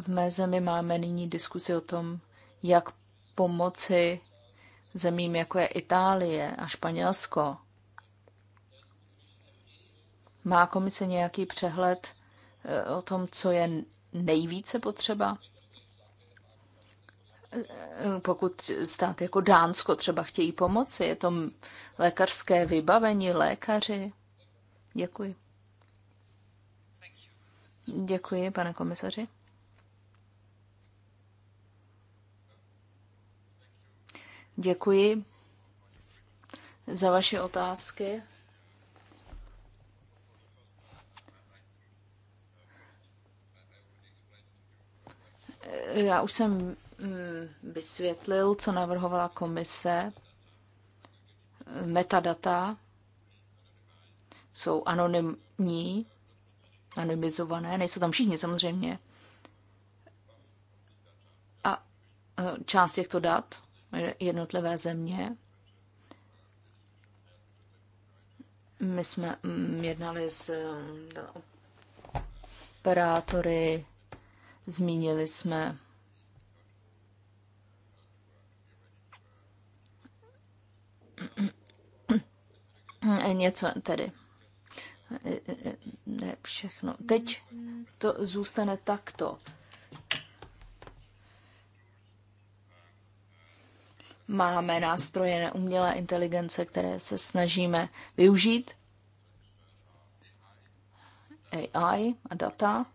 v mé zemi máme nyní diskusi o tom, jak pomoci zemím, jako je Itálie a Španělsko. Má komise nějaký přehled eh, o tom, co je nejvíce potřeba? pokud stát jako Dánsko třeba chtějí pomoci, je to lékařské vybavení, lékaři. Děkuji. Děkuji, pane komisaři. Děkuji za vaše otázky. Já už jsem Mm, vysvětlil, co navrhovala komise. Metadata jsou anonymní, anonymizované, nejsou tam všichni samozřejmě. A e, část těchto dat jednotlivé země. My jsme mm, jednali s e, operátory, zmínili jsme Eh, něco tedy. Eh, eh, ne všechno. Teď to zůstane takto. Máme nástroje na umělé inteligence, které se snažíme využít. AI a data.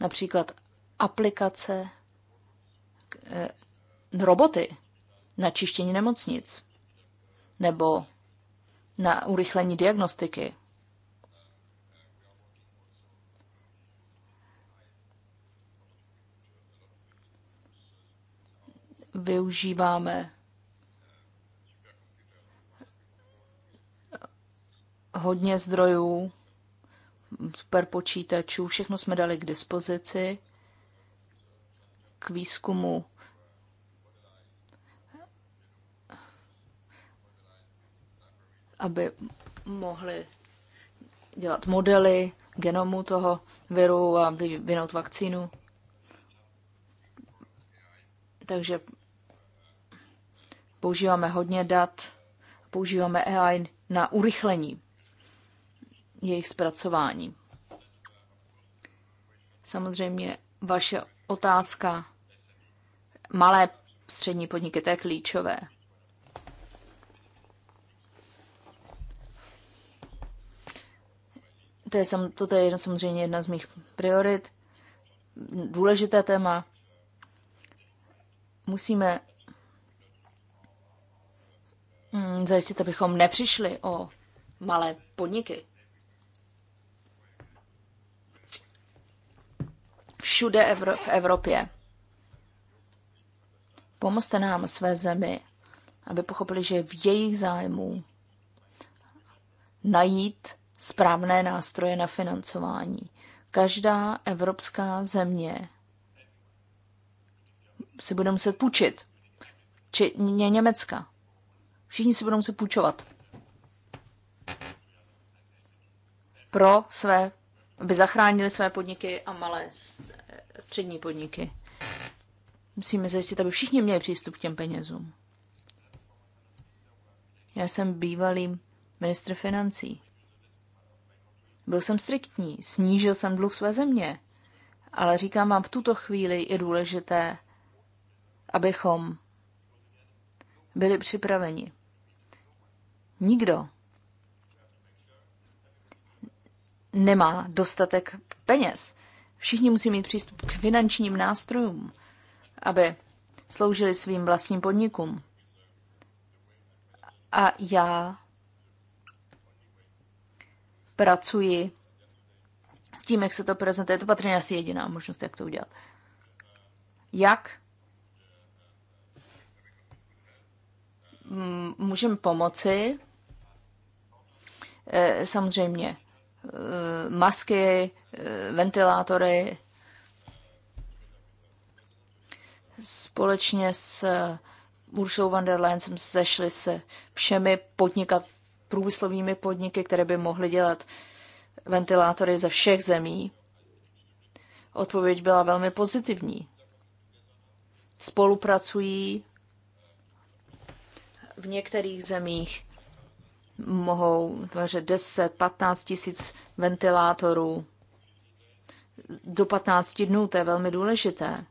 Například aplikace roboty na čištění nemocnic nebo na urychlení diagnostiky. Využíváme hodně zdrojů, super počítačů, všechno jsme dali k dispozici k výzkumu aby mohli dělat modely genomu toho viru a vyvinout vakcínu. Takže používáme hodně dat, používáme AI na urychlení jejich zpracování. Samozřejmě vaše otázka malé střední podniky, to je klíčové. To je, sam, toto je samozřejmě jedna z mých priorit. Důležité téma. Musíme mm, zajistit, abychom nepřišli o malé podniky. Všude Evro- v Evropě. Pomozte nám své zemi, aby pochopili, že v jejich zájmu najít správné nástroje na financování. Každá evropská země si bude muset půjčit. Včetně Německa. Všichni si budou muset půjčovat. Pro své, aby zachránili své podniky a malé střední podniky. Musíme zajistit, aby všichni měli přístup k těm penězům. Já jsem bývalý ministr financí. Byl jsem striktní, snížil jsem dluh své země, ale říkám vám, v tuto chvíli je důležité, abychom byli připraveni. Nikdo nemá dostatek peněz. Všichni musí mít přístup k finančním nástrojům, aby sloužili svým vlastním podnikům. A já pracuji s tím, jak se to prezentuje. To patrně asi jediná možnost, jak to udělat. Jak můžeme pomoci? E, samozřejmě e, masky, e, ventilátory, společně s Ursou van der Leyen jsme sešli se všemi podnikat, průmyslovými podniky, které by mohly dělat ventilátory ze všech zemí. Odpověď byla velmi pozitivní. Spolupracují v některých zemích mohou tvořit 10, 15 tisíc ventilátorů do 15 dnů, to je velmi důležité.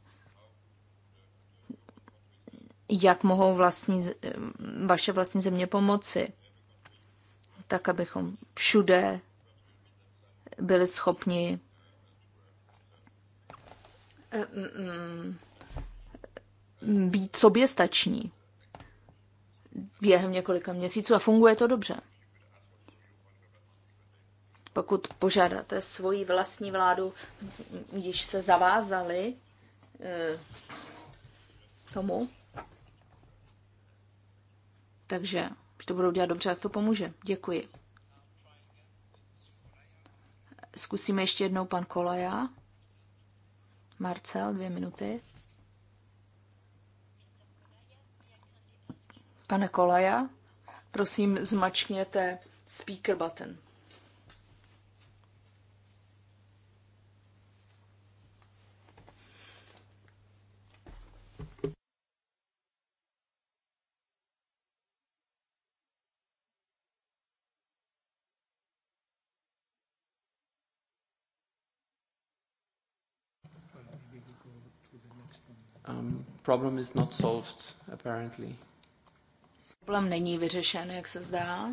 Jak mohou vlastní, vaše vlastní země pomoci? tak abychom všude byli schopni eh, mm, mm, být soběstační během několika měsíců a funguje to dobře. Pokud požádáte svoji vlastní vládu, již se zavázali eh, tomu, takže že to budou dělat dobře, jak to pomůže. Děkuji. Zkusíme ještě jednou pan Kolaja. Marcel, dvě minuty. Pane Kolaja, prosím zmačkněte speaker button. um, problem is not solved, apparently. Problém není vyřešen, jak se zdá.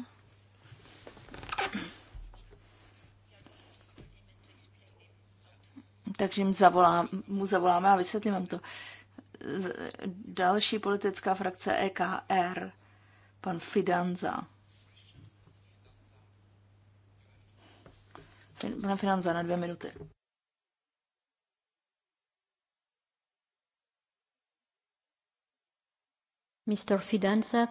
Takže jim zavolám, mu zavoláme a vysvětlím vám to. Další politická frakce EKR, pan Fidanza. Pane Fidanza, na dvě minuty. Mr. Fidanza.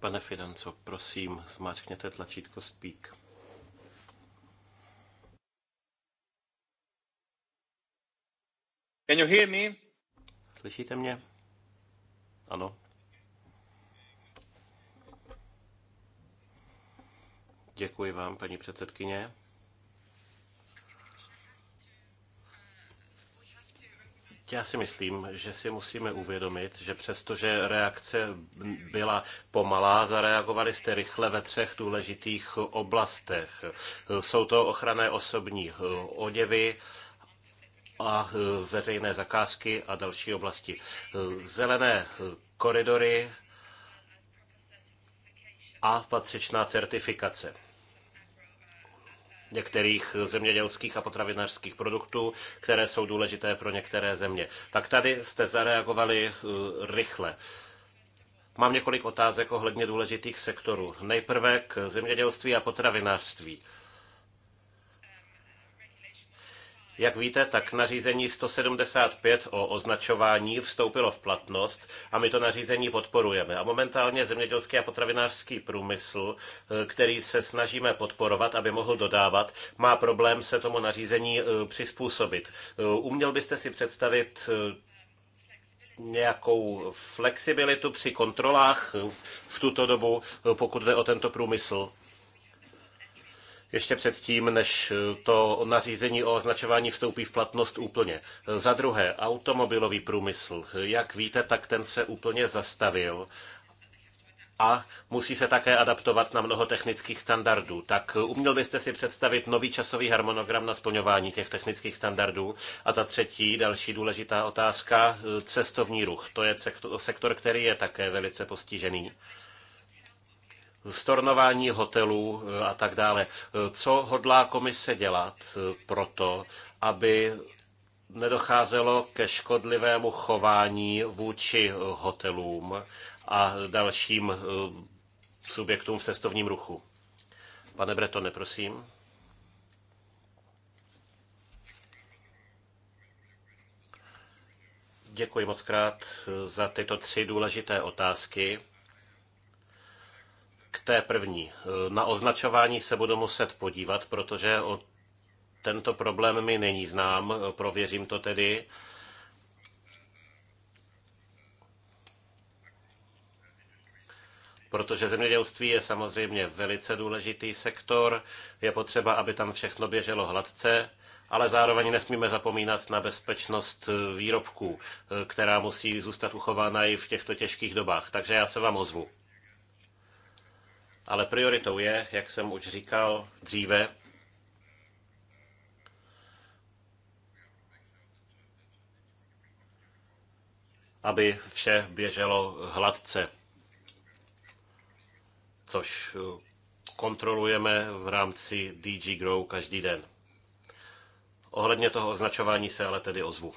Pane Fidanco, prosím, zmáčkněte tlačítko Speak. Can you hear me? Slyšíte mě? Ano. Děkuji vám, paní předsedkyně. Já si myslím, že si musíme uvědomit, že přestože reakce byla pomalá, zareagovali jste rychle ve třech důležitých oblastech. Jsou to ochranné osobní oděvy, a veřejné zakázky a další oblasti. Zelené koridory a patřičná certifikace některých zemědělských a potravinářských produktů, které jsou důležité pro některé země. Tak tady jste zareagovali eh, rychle. Mám několik otázek ohledně důležitých sektorů. Nejprve k zemědělství a potravinářství. Jak víte, tak nařízení 175 o označování vstoupilo v platnost a my to nařízení podporujeme. A momentálně zemědělský a potravinářský průmysl, eh, který se snažíme podporovat, aby mohl dodávat, má problém se tomu nařízení eh, přizpůsobit. Eh, uměl byste si představit nějakou flexibilitu při kontrolách v tuto dobu, pokud jde o tento průmysl? ještě předtím, než eh, to nařízení o označování vstoupí v platnost úplně. Eh, za druhé, automobilový průmysl. Eh, jak víte, tak ten se úplně zastavil a musí se také adaptovat na mnoho technických standardů. Tak uměl byste si představit nový časový harmonogram na splňování těch technických standardů? A za třetí, další důležitá otázka, cestovní ruch. To je sektor, který je také velice postižený stornování hotelů eh, a tak dále. Eh, co hodlá komise dělat eh, pro to, aby nedocházelo ke škodlivému chování vůči hotelům a dalším subjektům v cestovním ruchu? Pane Bretone, prosím. Děkuji moc krát za tyto tři důležité otázky. K té první. E, na označování se budu muset podívat, protože o tento problém mi není znám, e, prověřím to tedy. protože zemědělství je samozřejmě velice důležitý sektor, je potřeba, aby tam všechno běželo hladce, ale zároveň nesmíme zapomínat na bezpečnost e, výrobků, která musí zůstat uchována i v těchto těžkých dobách. Takže já se vám ozvu. Ale prioritou je, jak jsem už říkal dříve, aby vše běželo hladce, což eh, kontrolujeme v rámci DG Grow každý den. Ohledně toho označování se ale tedy ozvu.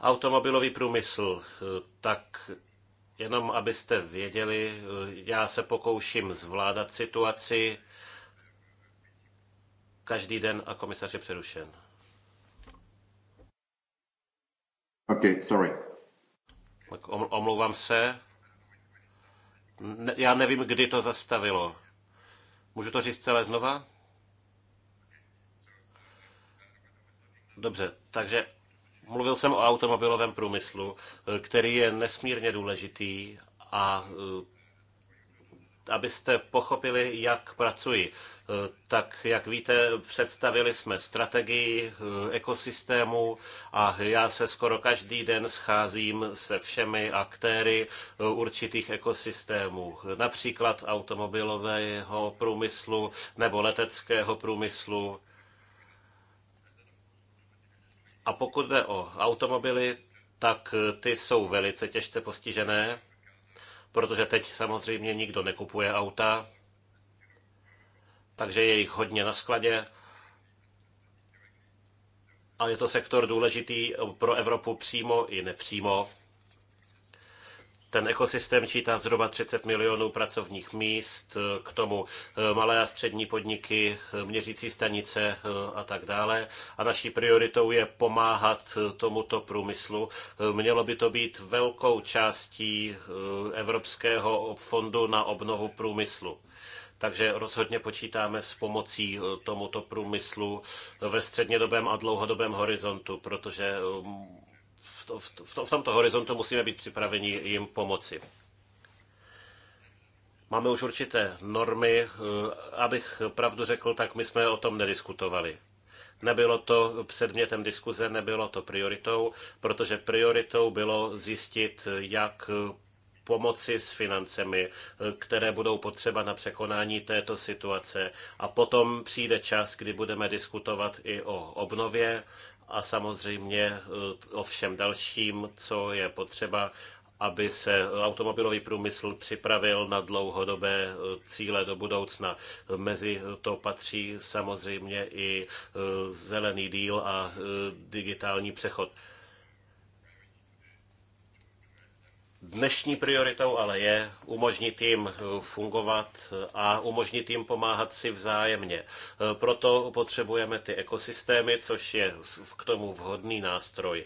Automobilový průmysl, eh, tak Jenom abyste věděli, já se pokouším zvládat situaci každý den a komisař je přerušen. OK, sorry. Tak omlouvám se. Ne, já nevím, kdy to zastavilo. Můžu to říct celé znova? Dobře, takže Mluvil jsem o automobilovém průmyslu, eh, který je nesmírně důležitý a eh, abyste pochopili, jak pracuji. Eh, tak, jak víte, představili jsme strategii ekosystému a já se skoro každý den scházím se všemi aktéry určitých ekosystémů, například automobilového průmyslu nebo leteckého průmyslu a pokud jde o automobily, tak eh, ty jsou velice těžce postižené, protože teď samozřejmě nikdo nekupuje auta, takže je jich hodně na skladě. A je to sektor důležitý pro Evropu přímo i nepřímo. Ten ekosystém čítá zhruba 30 milionů pracovních míst, k tomu eh, malé a střední podniky, eh, měřící stanice eh, a tak dále. A naší prioritou je pomáhat tomuto průmyslu. Mělo by to být velkou částí Evropského fondu na obnovu průmyslu. Takže rozhodně počítáme s pomocí tomuto průmyslu ve střednědobém a dlouhodobém horizontu, protože v, to, v, tomto horizontu musíme být připraveni jim pomoci. Máme už určité normy, eh, abych pravdu řekl, tak my jsme o tom nediskutovali. Nebylo to předmětem diskuze, nebylo to prioritou, protože prioritou bylo zjistit, jak pomoci s financemi, eh, které budou potřeba na překonání této situace. A potom přijde čas, kdy budeme diskutovat i o obnově a samozřejmě eh, o všem dalším, co je potřeba, aby se automobilový průmysl připravil na dlouhodobé eh, cíle do budoucna. Mezi to patří samozřejmě i eh, zelený díl a digitální přechod. Dnešní prioritou ale je umožnit jim eh, fungovat eh, a umožnit jim pomáhat si vzájemně. Eh, proto potřebujeme ty ekosystémy, což je k tomu vhodný nástroj,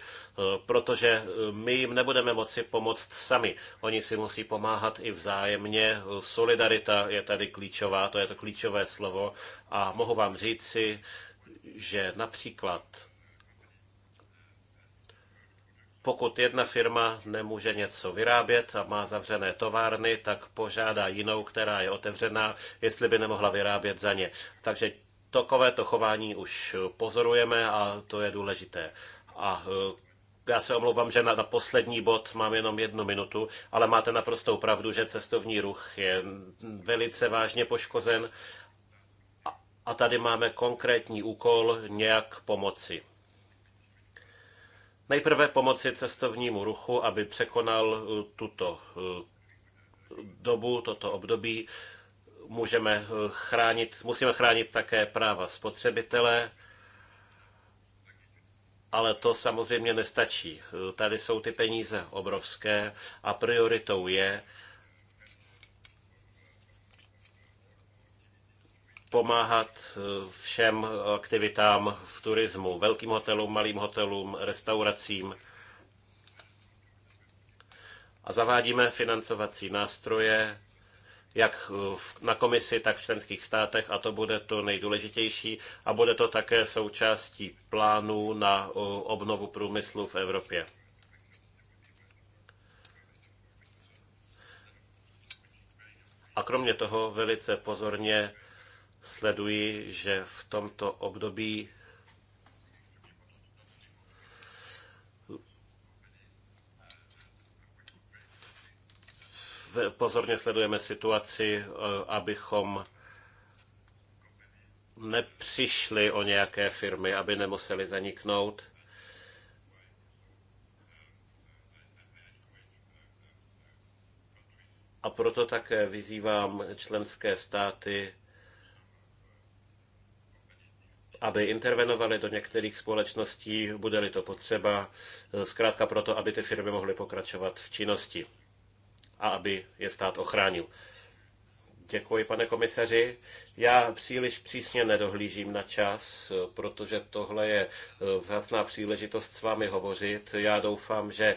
protože my jim nebudeme moci pomoct sami. Oni si musí pomáhat i vzájemně. Solidarita je tady klíčová, to je to klíčové slovo a mohu vám říci, že například pokud jedna firma nemůže něco vyrábět a má zavřené továrny, tak požádá jinou, která je otevřená, jestli by nemohla vyrábět za ně. Takže takovéto chování už pozorujeme a to je důležité. A e, já se omlouvám, že na, na poslední bod mám jenom jednu minutu, ale máte naprostou pravdu, že cestovní ruch je velice vážně poškozen a, a tady máme konkrétní úkol nějak pomoci. Nejprve pomoci cestovnímu ruchu, aby překonal eh, tuto eh, dobu, toto období. Můžeme eh, chránit, musíme chránit také práva spotřebitele, ale to samozřejmě nestačí. Tady jsou ty peníze obrovské a prioritou je, pomáhat eh, všem aktivitám v turismu, velkým hotelům, malým hotelům, restauracím. A zavádíme financovací nástroje, jak eh, na komisi, tak v členských státech a to bude to nejdůležitější a bude to také součástí plánu na obnovu průmyslu v Evropě. A kromě toho velice pozorně sleduji, že v tomto období pozorně sledujeme situaci, e, abychom nepřišli o nějaké firmy, aby nemuseli zaniknout. A proto také vyzývám členské státy, aby intervenovali do některých společností, bude-li to potřeba, e, zkrátka proto, aby ty firmy mohly pokračovat v činnosti a aby je stát ochránil. Děkuji, pane komisaři. Já příliš přísně nedohlížím na čas, e, protože tohle je e, vzácná příležitost s vámi hovořit. Já doufám, že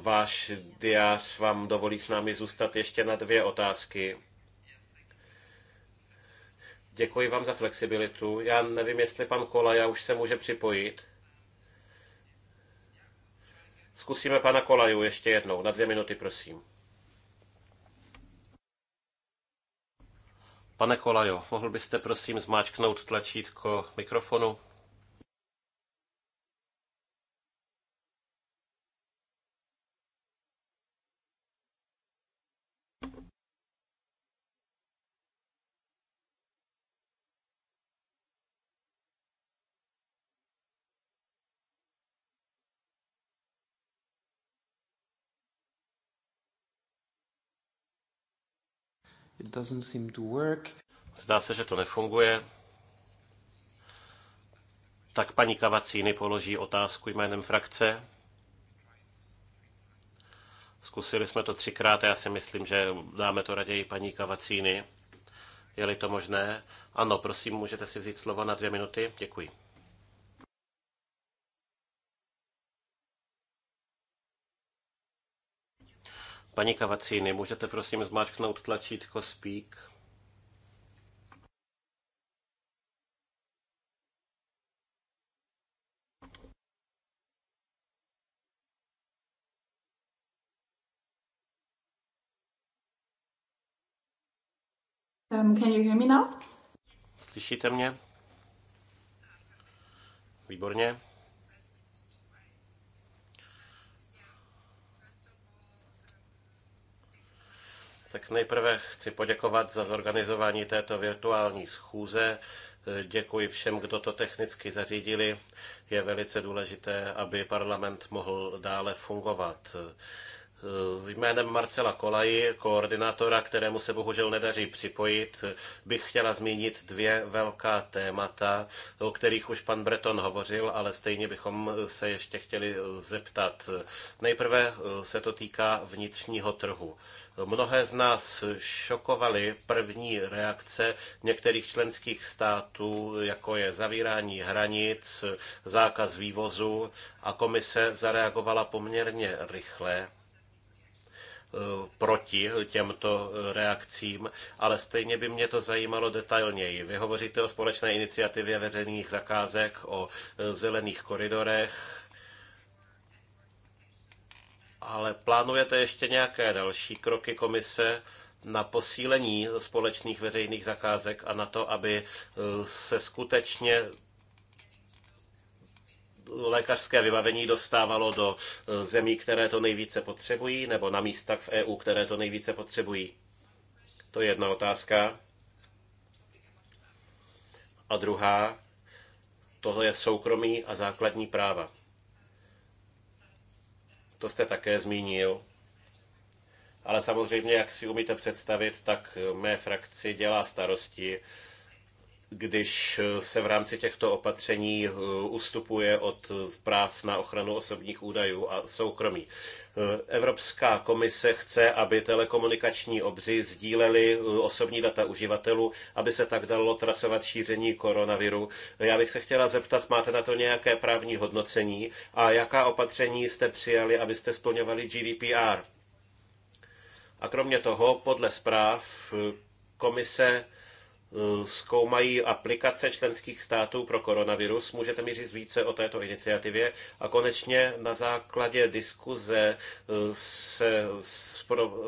váš diář vám dovolí s námi zůstat ještě na dvě otázky Děkuji vám za flexibilitu. Já nevím, jestli pan Kolaja už se může připojit. Zkusíme pana Kolaju ještě jednou. Na dvě minuty, prosím. Pane Kolajo, mohl byste prosím zmáčknout tlačítko mikrofonu? It doesn't seem to work. Zdá se, že to nefunguje. Tak paní Kavacíny položí otázku jménem frakce. Zkusili jsme to třikrát a já si myslím, že dáme to raději paní Kavacíny. Je-li to možné? Ano, prosím, můžete si vzít slovo na dvě minuty. Děkuji. Paní Kavacíny, můžete prosím zmáčknout tlačítko Speak? Um, can you hear me now? Slyšíte mě? Výborně. Tak nejprve chci poděkovat za zorganizování této virtuální schůze. Děkuji všem, kdo to technicky zařídili. Je velice důležité, aby parlament mohl dále fungovat. Eh, jménem Marcela Kolaji, koordinátora, kterému se bohužel nedaří připojit, bych chtěla zmínit dvě velká témata, o kterých už pan Breton hovořil, ale stejně bychom se ještě chtěli eh, zeptat. Nejprve eh, se to týká vnitřního trhu. Mnohé z nás šokovaly první reakce některých členských států, jako je zavírání hranic, zákaz vývozu a komise zareagovala poměrně rychle proti těmto reakcím, ale stejně by mě to zajímalo detailněji. Vy hovoříte o společné iniciativě veřejných zakázek, o zelených koridorech, ale plánujete ještě nějaké další kroky komise na posílení společných veřejných zakázek a na to, aby se skutečně lékařské vybavení dostávalo do eh, zemí, které to nejvíce potřebují, nebo na místa v EU, které to nejvíce potřebují? To je jedna otázka. A druhá, toho je soukromí a základní práva. To jste také zmínil. Ale samozřejmě, jak si umíte představit, tak eh, mé frakci dělá starosti, když eh, se v rámci těchto opatření eh, ustupuje od zpráv na ochranu osobních údajů a soukromí. Eh, Evropská komise chce, aby telekomunikační obři sdíleli osobní data uživatelů, aby se tak dalo trasovat šíření koronaviru. Já bych se chtěla zeptat, máte na to nějaké právní hodnocení a jaká opatření jste přijali, abyste splňovali GDPR? A kromě toho, podle zpráv komise Eh, zkoumají aplikace členských států pro koronavirus. Můžete mi říct více o této iniciativě? A konečně na základě diskuze eh, se,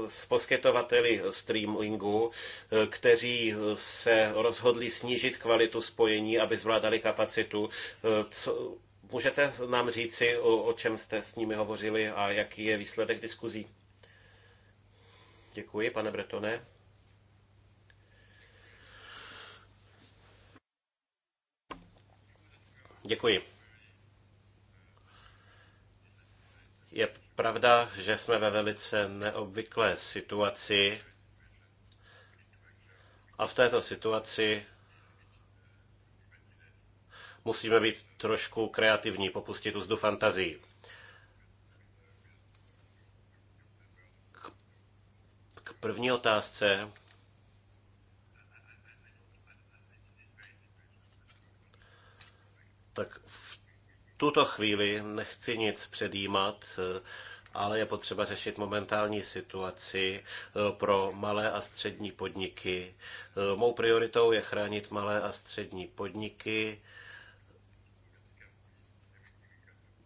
s, poskytovateli streamingu, eh, kteří se rozhodli snížit kvalitu spojení, aby zvládali kapacitu, co, Můžete nám říci, o, o čem jste s nimi hovořili a jaký je výsledek diskuzí? Děkuji, pane Bretone. Děkuji. Je pravda, že jsme ve velice neobvyklé situaci a v této situaci musíme být trošku kreativní, popustit úzdu fantazii. K první otázce Tak v tuto chvíli nechci nic předjímat, ale je potřeba řešit momentální situaci eh, pro malé a střední podniky. Eh, mou prioritou je chránit malé a střední podniky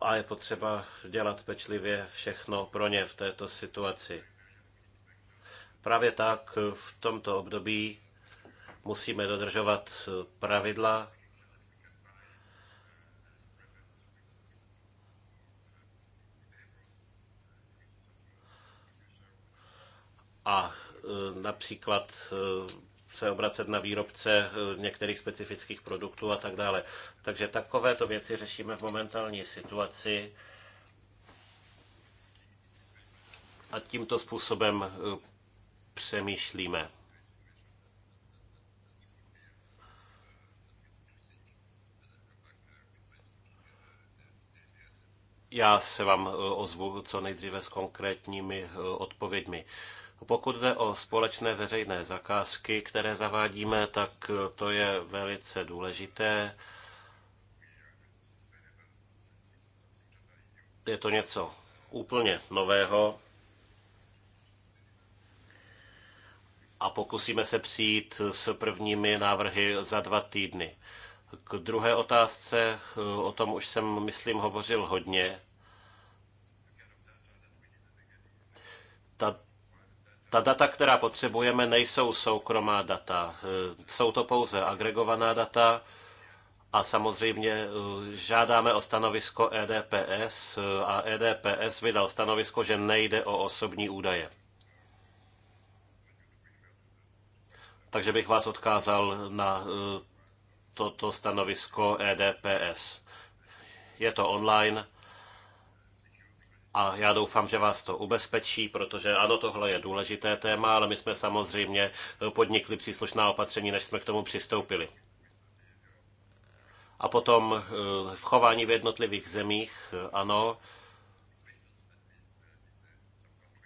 a je potřeba dělat pečlivě všechno pro ně v této situaci. Právě tak v tomto období musíme dodržovat eh, pravidla, a e, například e, se obracet na výrobce e, některých specifických produktů a tak dále. Takže takovéto věci řešíme v momentální situaci a tímto způsobem přemýšlíme. Já se vám ozvu co nejdříve s konkrétními odpověďmi. Pokud jde o společné veřejné zakázky, které zavádíme, tak to je velice důležité. Je to něco úplně nového a pokusíme se přijít s prvními návrhy za dva týdny. K druhé otázce, o tom už jsem, myslím, hovořil hodně. ta data, která potřebujeme, nejsou soukromá data. E, jsou to pouze agregovaná data a samozřejmě e, žádáme o stanovisko EDPS e, a EDPS vydal stanovisko, že nejde o osobní údaje. Takže bych vás odkázal na toto stanovisko EDPS. Je to online a já doufám, že vás to ubezpečí, protože ano, tohle je důležité téma, ale my jsme samozřejmě podnikli příslušná opatření, než jsme k tomu přistoupili. A potom eh, v chování v jednotlivých zemích, ano,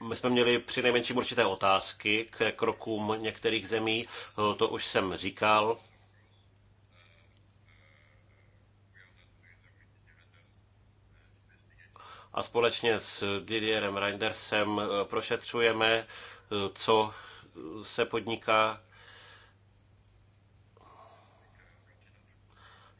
my jsme měli při nejmenším určité otázky k krokům některých zemí, eh, to už jsem říkal. a společně s Didierem Reindersem eh, prošetřujeme, eh, co se podniká.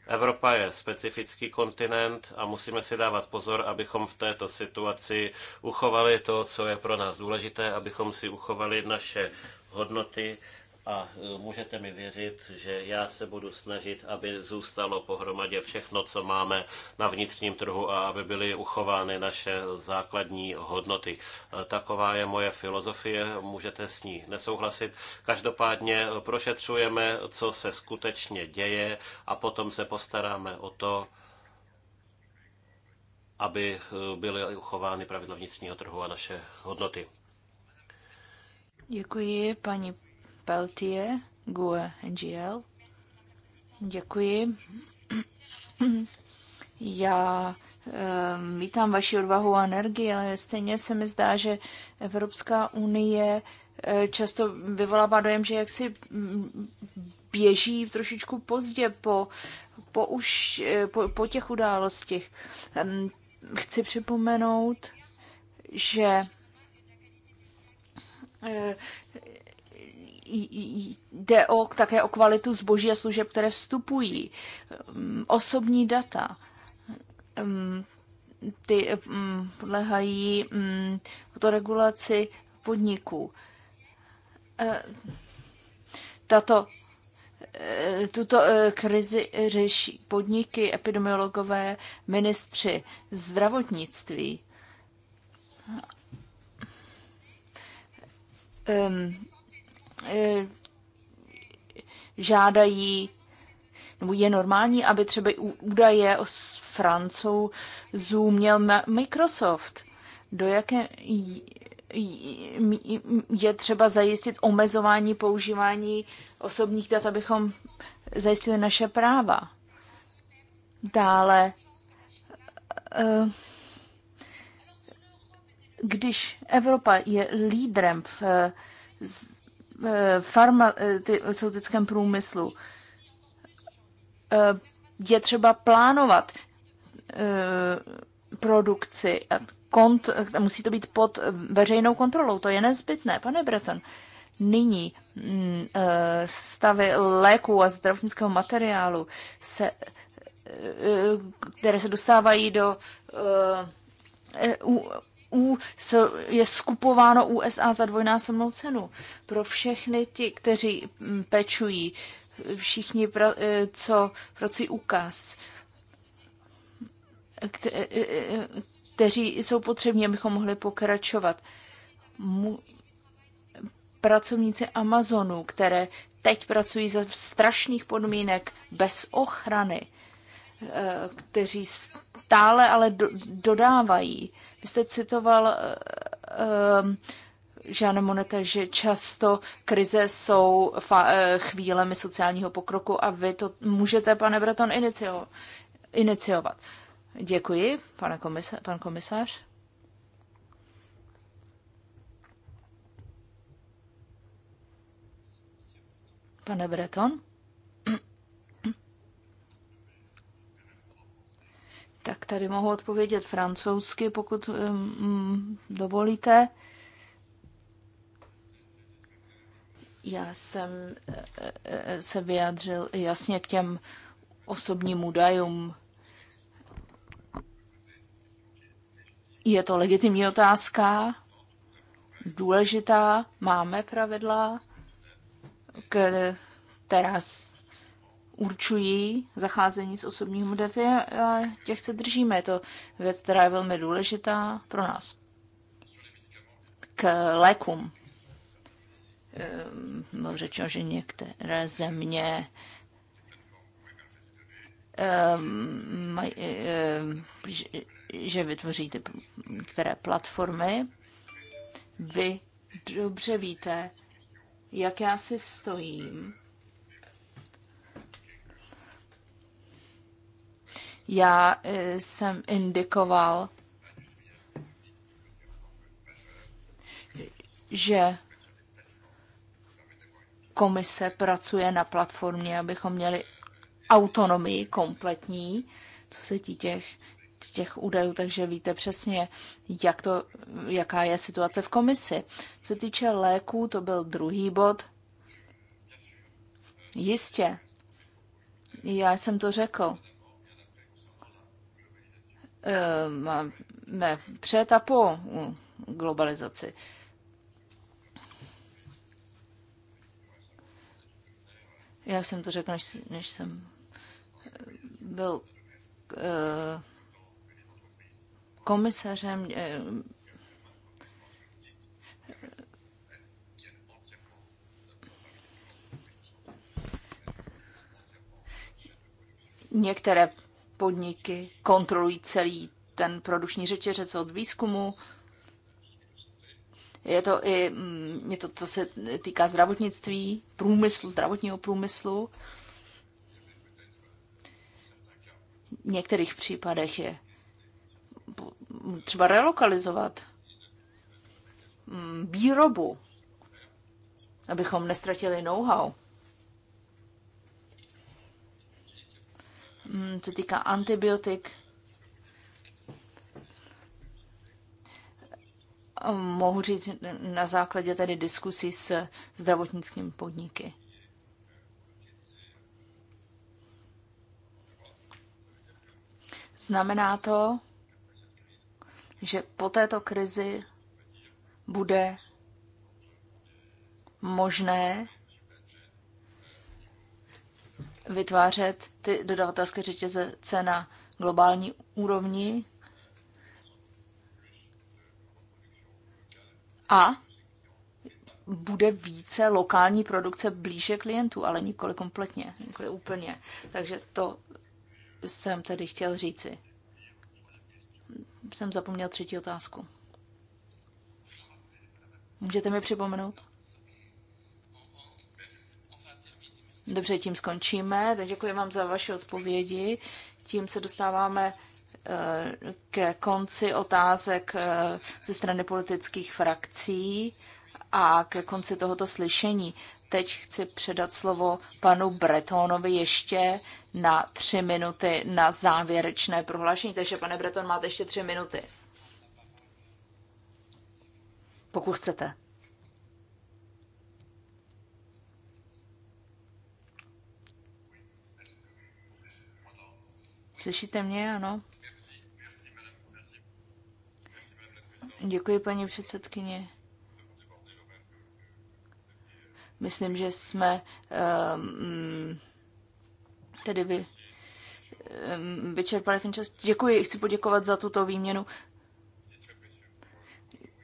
Evropa je specifický kontinent a musíme si dávat pozor, abychom v této situaci uchovali to, co je pro nás důležité, abychom si uchovali naše hodnoty a e, můžete mi věřit, že já se budu snažit, aby zůstalo pohromadě všechno, co máme na vnitřním trhu a aby byly uchovány naše základní hodnoty. E, taková je moje filozofie, můžete s ní nesouhlasit. Každopádně prošetřujeme, co se skutečně děje a potom se postaráme o to, aby e, byly uchovány pravidla vnitřního trhu a naše hodnoty. Děkuji, paní Peltier, GUE NGL. Děkuji. Já um, vítám vaši odvahu a energii, ale stejně se mi zdá, že Evropská unie eh, často vyvolává dojem, že jaksi mm, běží trošičku pozdě po, po, už, eh, po, po těch událostech. Ehm, chci připomenout, že jde o, také o kvalitu zboží a služeb, které vstupují, um, osobní data, um, ty um, podlehají to regulaci podniků. Uh, tato uh, tuto uh, krizi řeší podniky, epidemiologové, ministři zdravotnictví. E, žádají, nebo je normální, aby třeba údaje o francouzů měl Microsoft. Do jaké je třeba zajistit omezování používání osobních dat, abychom zajistili naše práva. Dále, e, když Evropa je lídrem v e, Eh, farmaceutickém eh, průmyslu. Eh, je třeba plánovat produkci, kont, musí to být pod veřejnou kontrolou, to je nezbytné. Pane Breton, nyní mm, stavy léků a zdravotnického materiálu, se, které se dostávají do EU je skupováno USA za dvojnásobnou cenu. Pro všechny ti, kteří mm, pečují, všichni, eh, co pracují úkaz, eh, eh, kteří jsou potřební, abychom mohli pokračovat. Pracovníci Amazonu, které teď pracují za strašných podmínek bez ochrany, kteří stále ale do, dodávají. Vy jste citoval uh, eh, Žána eh, Moneta, že často krize jsou fa- eh, chvílemi sociálního pokroku a vy to můžete, pane Breton, inicio- iniciovat. Děkuji, pane komisa- pan komisař. Pane Breton? Tak tady mohu odpovědět francouzsky, pokud um, dovolíte. Já jsem e, e, se vyjádřil jasně k těm osobním údajům. Je to legitimní otázka, důležitá, máme pravidla, která určují zacházení s osobním daty a těch se držíme. Je to věc, která je velmi důležitá pro nás. K lékům. Ehm, bylo řečeno, že některé země ehm, mají, ehm, že vytvoří ty, které platformy. Vy dobře víte, jak já si stojím Já eh, jsem indikoval, že komise pracuje na platformě, abychom měli autonomii kompletní, co se tí těch, těch údajů, takže víte přesně, jak to, jaká je situace v komisi. Co se týče léků, to byl druhý bod. Jistě, já jsem to řekl ne, před a po globalizaci. Já jsem to řekl, než, než jsem eh, byl uh, komisařem. Uh, některé podniky kontrolují celý ten produkční řetěřec od výzkumu. Je to i mm, je to, co se týká zdravotnictví, průmyslu, zdravotního průmyslu. V některých případech je třeba relokalizovat mm, výrobu, abychom nestratili know-how. Mm, co týká antibiotik, mohu říct na základě tedy diskusí s zdravotnickými podniky. Znamená to, že po této krizi bude možné vytvářet ty dodavatelské řetězce na globální úrovni a bude více lokální produkce blíže klientů, ale nikoli kompletně, nikoli úplně. Takže to jsem tedy chtěl říci. Jsem zapomněl třetí otázku. Můžete mi připomenout? Dobře, tím skončíme. Tak děkuji vám za vaše odpovědi. Tím se dostáváme eh, ke konci otázek eh, ze strany politických frakcí a ke konci tohoto slyšení. Teď chci předat slovo panu Bretonovi ještě na tři minuty na závěrečné prohlášení. Takže, pane Breton, máte ještě tři minuty. Pokud chcete. Slyšíte mě, ano? Děkuji, paní předsedkyně. Myslím, že jsme um, tedy vy, um, vyčerpali ten čas. Děkuji, chci poděkovat za tuto výměnu.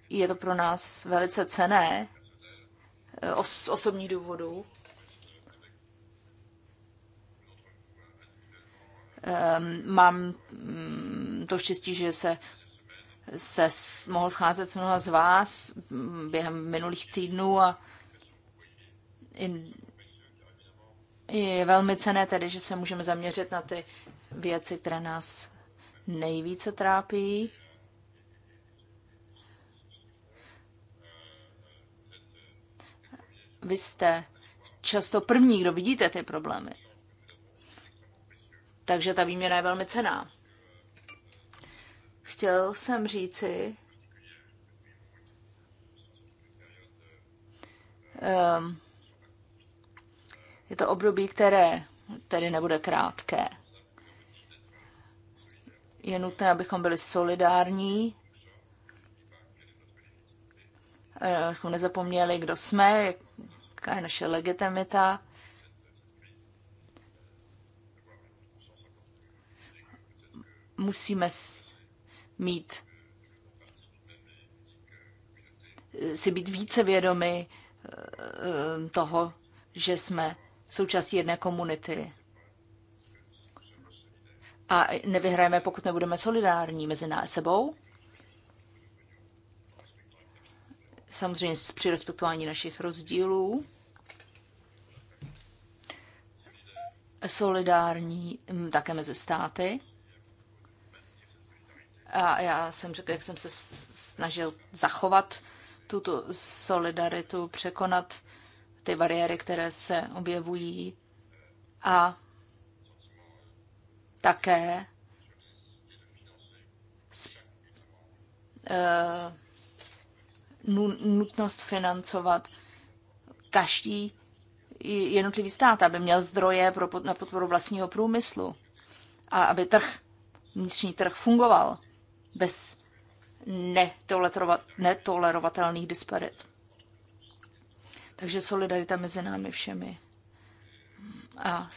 Je to pro nás velice cené eh, os, osobní důvodů. Ehm, mám mm, to štěstí, že se se mohl scházet s mnoha z vás mm, během minulých týdnů a je velmi cené tedy, že se můžeme zaměřit na ty věci, které nás nejvíce trápí. Vy jste často první, kdo vidíte ty problémy. Takže ta výměna je velmi cená. Chtěl jsem říci, um, je to období, které tedy nebude krátké. Je nutné, abychom byli solidární, eh, abychom nezapomněli, kdo jsme, jaká je naše legitimita, musíme mít si být více vědomi eh, eh, toho, že jsme součástí jedné komunity. A nevyhrajeme, pokud nebudeme solidární mezi nás sebou. Samozřejmě při respektování našich rozdílů. Solidární mm, také mezi státy. A já jsem řekl, jak jsem se snažil zachovat tuto solidaritu, překonat ty bariéry, které se objevují a také eh, nutnost financovat každý jednotlivý stát, aby měl zdroje pro, na podporu vlastního průmyslu a aby trh, vnitřní trh fungoval bez netolerovatelných disparit. Takže solidarita mezi námi všemi. A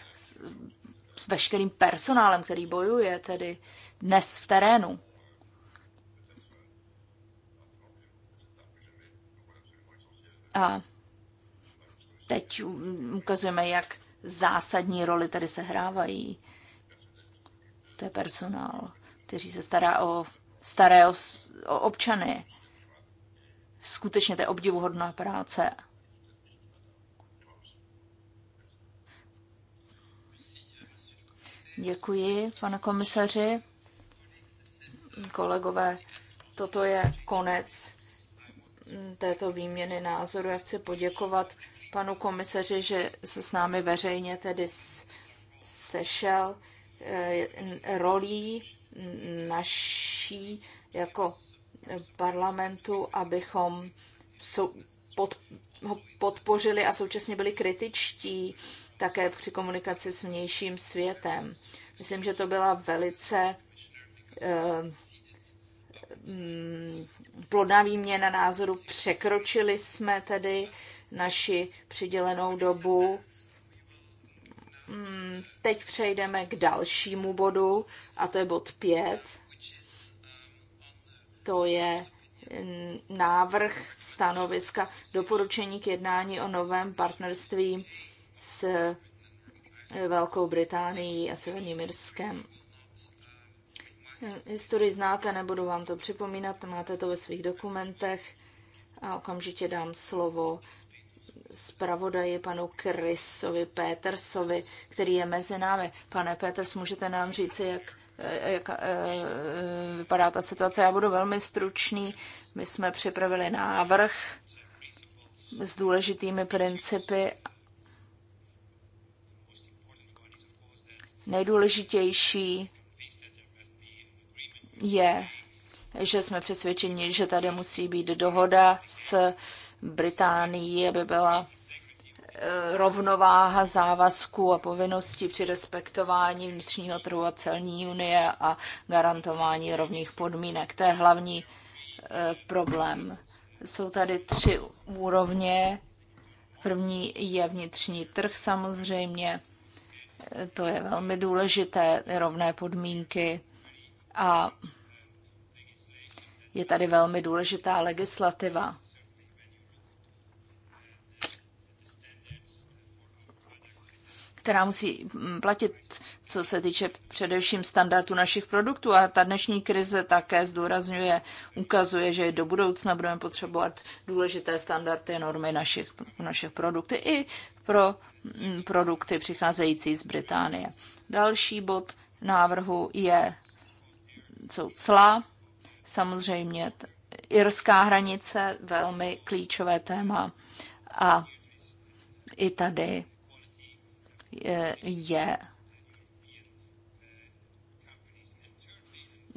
s veškerým personálem, který bojuje tedy dnes v terénu. A teď ukazujeme, jak zásadní roli tady sehrávají. To je personál, kteří se stará o staré občany. Skutečně to je obdivuhodná práce. Děkuji, pane komisaři. Kolegové, toto je konec této výměny názoru. Já chci poděkovat panu komisaři, že se s námi veřejně tedy sešel eh, rolí naší jako parlamentu, abychom sou, pod, ho podpořili a současně byli kritičtí také při komunikaci s vnějším světem. Myslím, že to byla velice eh, mm, plodná výměna názoru. Překročili jsme tedy naši přidělenou dobu Mm, teď přejdeme k dalšímu bodu, a to je bod 5. To je mm, návrh stanoviska doporučení k jednání o novém partnerství s e, Velkou Británií a Severním Irskem. E, historii znáte, nebudu vám to připomínat, máte to ve svých dokumentech a okamžitě dám slovo zpravodaji panu Krysovi Petersovi, který je mezi námi. Pane Peters, můžete nám říci, jak, eh, jak eh, vypadá ta situace? Já budu velmi stručný. My jsme připravili návrh s důležitými principy. Nejdůležitější je, že jsme přesvědčeni, že tady musí být dohoda s Británii, aby byla e, rovnováha závazků a povinností při respektování vnitřního trhu a celní unie a garantování rovných podmínek. To je hlavní e, problém. Jsou tady tři úrovně. První je vnitřní trh samozřejmě, e, to je velmi důležité, rovné podmínky a je tady velmi důležitá legislativa která musí mm, platit, co se týče především standardu našich produktů. A ta dnešní krize také zdůrazňuje, ukazuje, že do budoucna budeme potřebovat důležité standardy, normy našich, našich produktů i pro mm, produkty přicházející z Británie. Další bod návrhu je, jsou cla, samozřejmě irská hranice, velmi klíčové téma a i tady je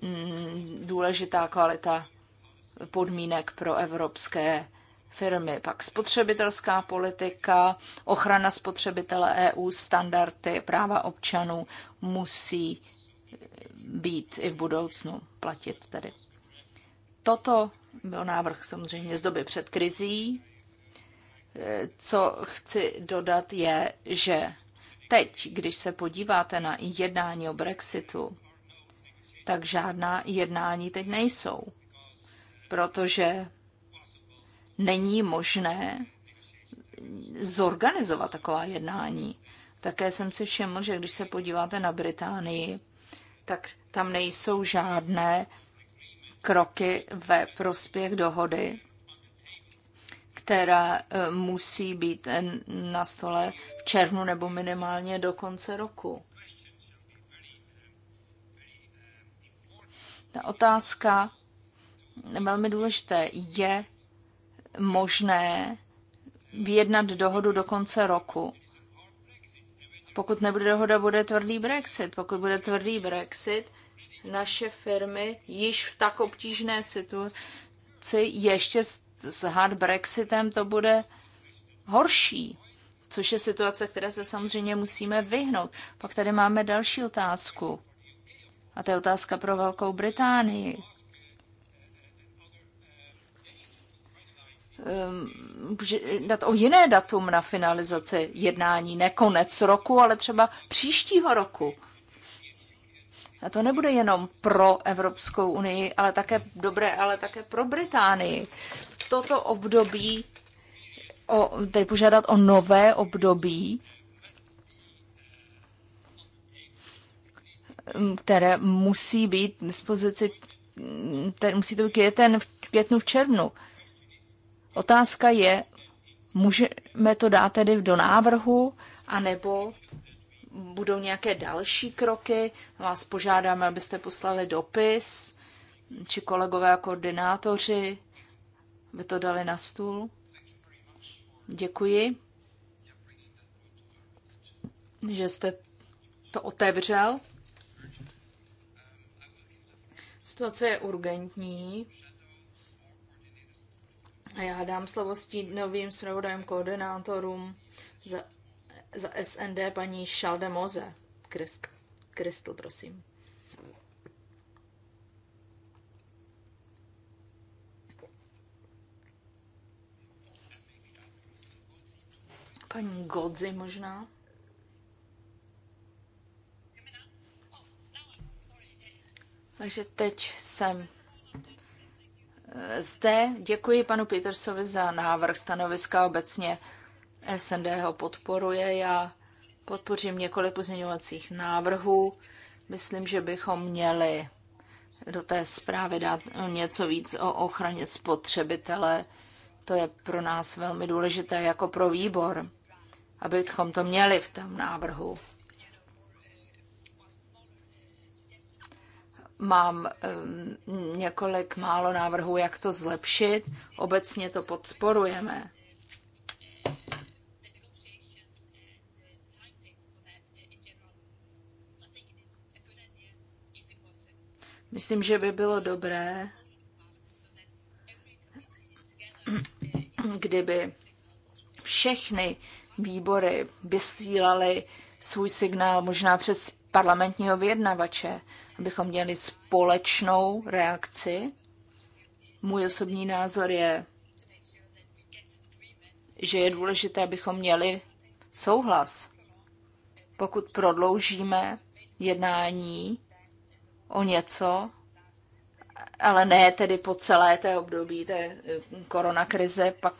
mm, důležitá kvalita podmínek pro evropské firmy. Pak spotřebitelská politika, ochrana spotřebitele EU, standardy, práva občanů musí být i v budoucnu platit tedy. Toto byl návrh samozřejmě z doby před krizí. Co chci dodat je, že teď, když se podíváte na jednání o Brexitu, tak žádná jednání teď nejsou, protože není možné zorganizovat taková jednání. Také jsem si všiml, že když se podíváte na Británii, tak tam nejsou žádné kroky ve prospěch dohody, která eh, musí být na stole v červnu nebo minimálně do konce roku. Ta otázka velmi důležité. Je možné vyjednat dohodu do konce roku? Pokud nebude dohoda, bude tvrdý Brexit. Pokud bude tvrdý Brexit, naše firmy již v tak obtížné situaci ještě s hard Brexitem to bude horší, což je situace, které se samozřejmě musíme vyhnout. Pak tady máme další otázku. A to je otázka pro Velkou Británii. Ehm, dát o jiné datum na finalizaci jednání, ne konec roku, ale třeba příštího roku. A to nebude jenom pro Evropskou unii, ale také dobré, ale také pro Británii. Toto období, o, tedy požádat o nové období, které musí být v dispozici, musí to být květen, v květnu, v červnu. Otázka je, můžeme to dát tedy do návrhu, anebo budou nějaké další kroky, vás požádáme, abyste poslali dopis, či kolegové a koordinátoři by to dali na stůl. Děkuji, že jste to otevřel. Situace je urgentní. A já dám slovo novým zpravodajem koordinátorům za za SND paní Šaldemoze. Kristl, Kristl, prosím. Paní Godzi možná. Takže teď jsem eh, zde. Děkuji panu Petersovi za návrh stanoviska obecně. SND ho podporuje. Já podpořím několik pozměňovacích návrhů. Myslím, že bychom měli do té zprávy dát něco víc o ochraně spotřebitele. To je pro nás velmi důležité jako pro výbor, abychom to měli v tom návrhu. Mám ehm, několik málo návrhů, jak to zlepšit. Obecně to podporujeme Myslím, že by bylo dobré, kdyby všechny výbory vysílaly svůj signál možná přes parlamentního vyjednavače, abychom měli společnou reakci. Můj osobní názor je, že je důležité, abychom měli souhlas. Pokud prodloužíme jednání, o něco, ale ne tedy po celé té období té eh, koronakrize, pak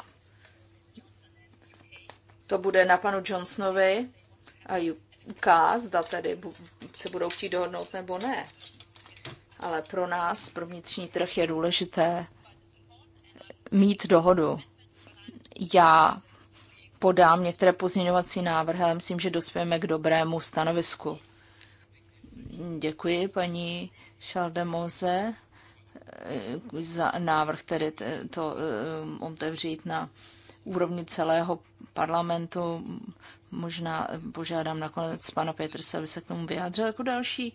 to bude na panu Johnsonovi a UK, zda tedy se budou chtít dohodnout nebo ne. Ale pro nás, pro vnitřní trh, je důležité mít dohodu. Já podám některé pozměňovací návrhy, ale myslím, že dospějeme k dobrému stanovisku. Děkuji paní Šaldemoze eh, za návrh tedy to eh, otevřít na úrovni celého parlamentu. Možná požádám nakonec pana Petrsa, aby se k tomu vyjádřil. Jako další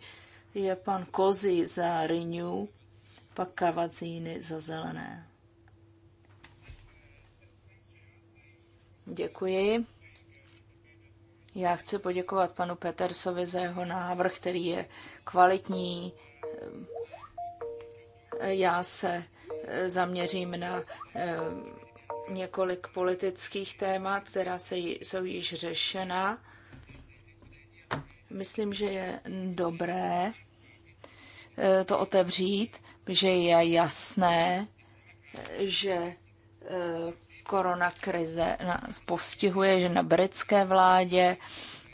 je pan Kozy za Renew, pak Kavacíny za Zelené. Děkuji. Já chci poděkovat panu Petersovi za jeho návrh, který je kvalitní. Já se zaměřím na eh, několik politických témat, která se, jsou již řešena. Myslím, že je dobré eh, to otevřít, že je jasné, že eh, koronakrize nás postihuje, že na britské vládě,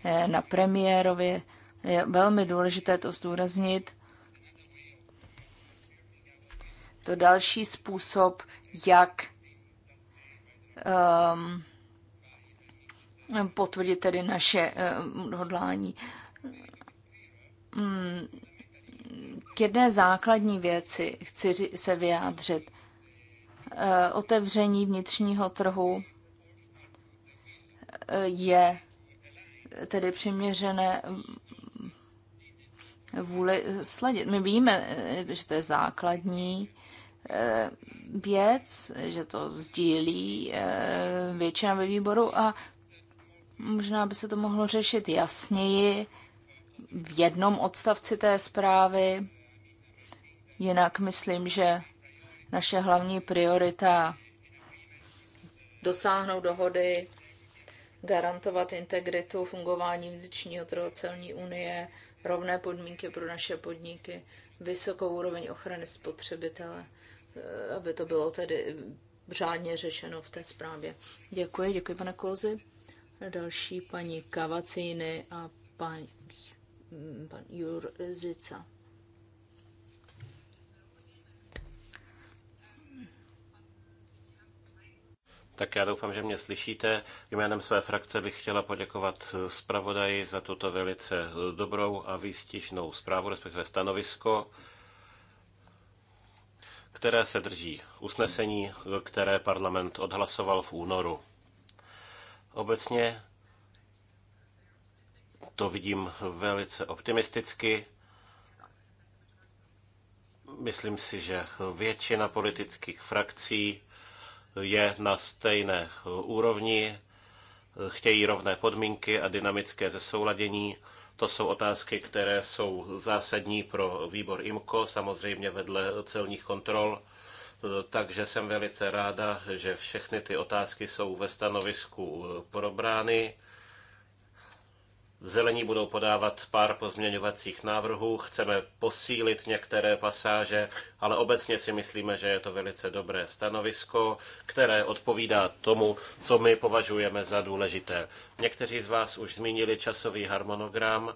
eh, na premiérově je velmi důležité to zdůraznit. To další způsob, jak um, potvrdit tedy naše um, ehm, hodlání. Um, hmm, k jedné základní věci chci se vyjádřit. Eh, otevření vnitřního trhu eh, je tedy přiměřené vůli sledit. My víme, eh, že to je základní věc, že to sdílí většina ve výboru a možná by se to mohlo řešit jasněji v jednom odstavci té zprávy. Jinak myslím, že naše hlavní priorita dosáhnout dohody, garantovat integritu fungování vnitřního trhu celní unie, rovné podmínky pro naše podniky, vysokou úroveň ochrany spotřebitele, eh, aby to bylo tedy řádně řešeno v té zprávě. Děkuji, děkuji pane Kozy. Další paní Kavacíny a pan, pan Jurzica. Tak já doufám, že mě slyšíte. Jménem své frakce bych chtěla poděkovat zpravodaji za tuto velice dobrou a výstižnou zprávu, respektive stanovisko, které se drží usnesení, které parlament odhlasoval v únoru. Obecně to vidím velice optimisticky. Myslím si, že většina politických frakcí je na stejné úrovni, chtějí rovné podmínky a dynamické zesouladění. To jsou otázky, které jsou zásadní pro výbor IMCO, samozřejmě vedle celních kontrol. Takže jsem velice ráda, že všechny ty otázky jsou ve stanovisku probrány Zelení budou podávat pár pozměňovacích návrhů, chceme posílit některé pasáže, ale obecně si myslíme, že je to velice dobré stanovisko, které odpovídá tomu, co my považujeme za důležité. Někteří z vás už zmínili časový harmonogram.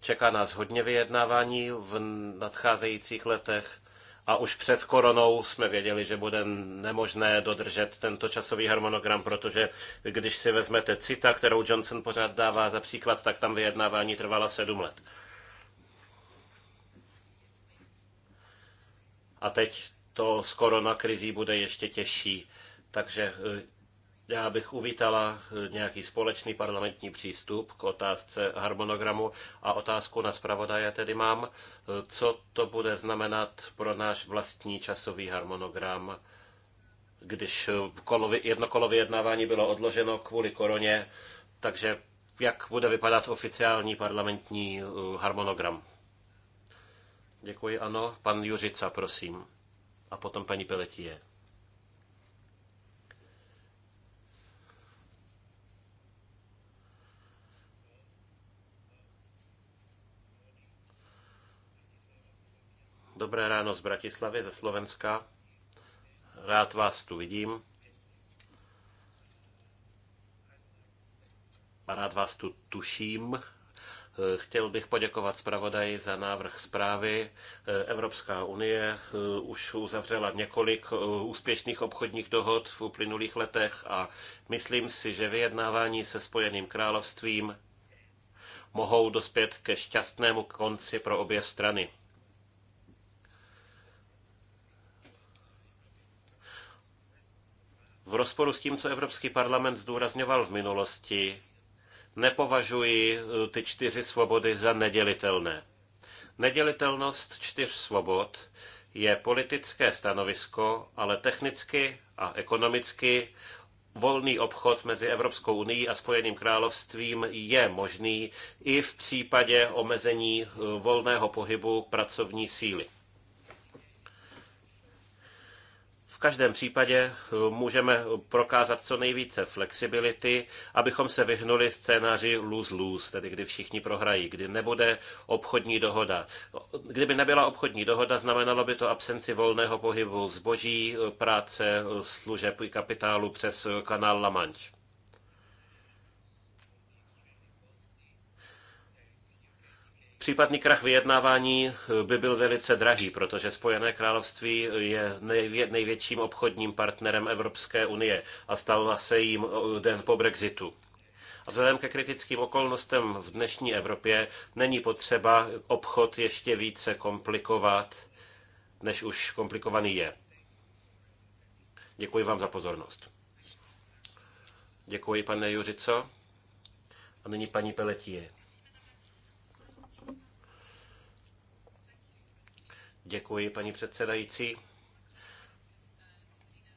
Čeká nás hodně vyjednávání v nadcházejících letech a už před koronou jsme věděli, že bude nemožné dodržet tento časový harmonogram, protože když si vezmete CITA, kterou Johnson pořád dává za příklad, tak tam vyjednávání trvala sedm let. A teď to s koronakrizí bude ještě těžší. Takže eh, já bych uvítala eh, nějaký společný parlamentní přístup k otázce harmonogramu a otázku na zpravodaje tedy mám. Eh, co to bude znamenat pro náš vlastní časový harmonogram, když eh, kolově, jednokolově jednávání bylo odloženo kvůli koroně, takže jak bude vypadat oficiální parlamentní harmonogram? Děkuji, ano. Pan Juřica, prosím. A potom paní Peletie. Dobré ráno z Bratislavy, ze Slovenska. Rád vás tu vidím. A rád vás tu tuším. Chtěl bych poděkovat zpravodaji za návrh zprávy. Evropská unie eh, už uzavřela několik eh, úspěšných obchodních dohod v uplynulých letech a myslím si, že vyjednávání se Spojeným královstvím mohou dospět ke šťastnému konci pro obě strany. v rozporu s tím, co Evropský parlament zdůrazňoval v minulosti, nepovažuji eh, ty čtyři svobody za nedělitelné. Nedělitelnost čtyř svobod je politické stanovisko, ale technicky a ekonomicky volný obchod mezi Evropskou unii a Spojeným královstvím je možný i v případě omezení eh, volného pohybu pracovní síly. V každém případě eh, můžeme prokázat co nejvíce flexibility, abychom se vyhnuli scénáři lose-lose, tedy kdy všichni prohrají, kdy nebude obchodní dohoda. Kdyby nebyla obchodní dohoda, znamenalo by to absenci volného pohybu zboží, eh, práce, eh, služeb i kapitálu přes kanál La Manche. Případný krach vyjednávání eh, by byl velice drahý, protože Spojené království je největším obchodním partnerem Evropské unie a stala se jim eh, den po Brexitu. A vzhledem ke kritickým okolnostem v dnešní Evropě není potřeba obchod ještě více komplikovat, než už komplikovaný je. Děkuji vám za pozornost. Děkuji, pane Juřico. A nyní paní Peletie. Děkuji, paní předsedající.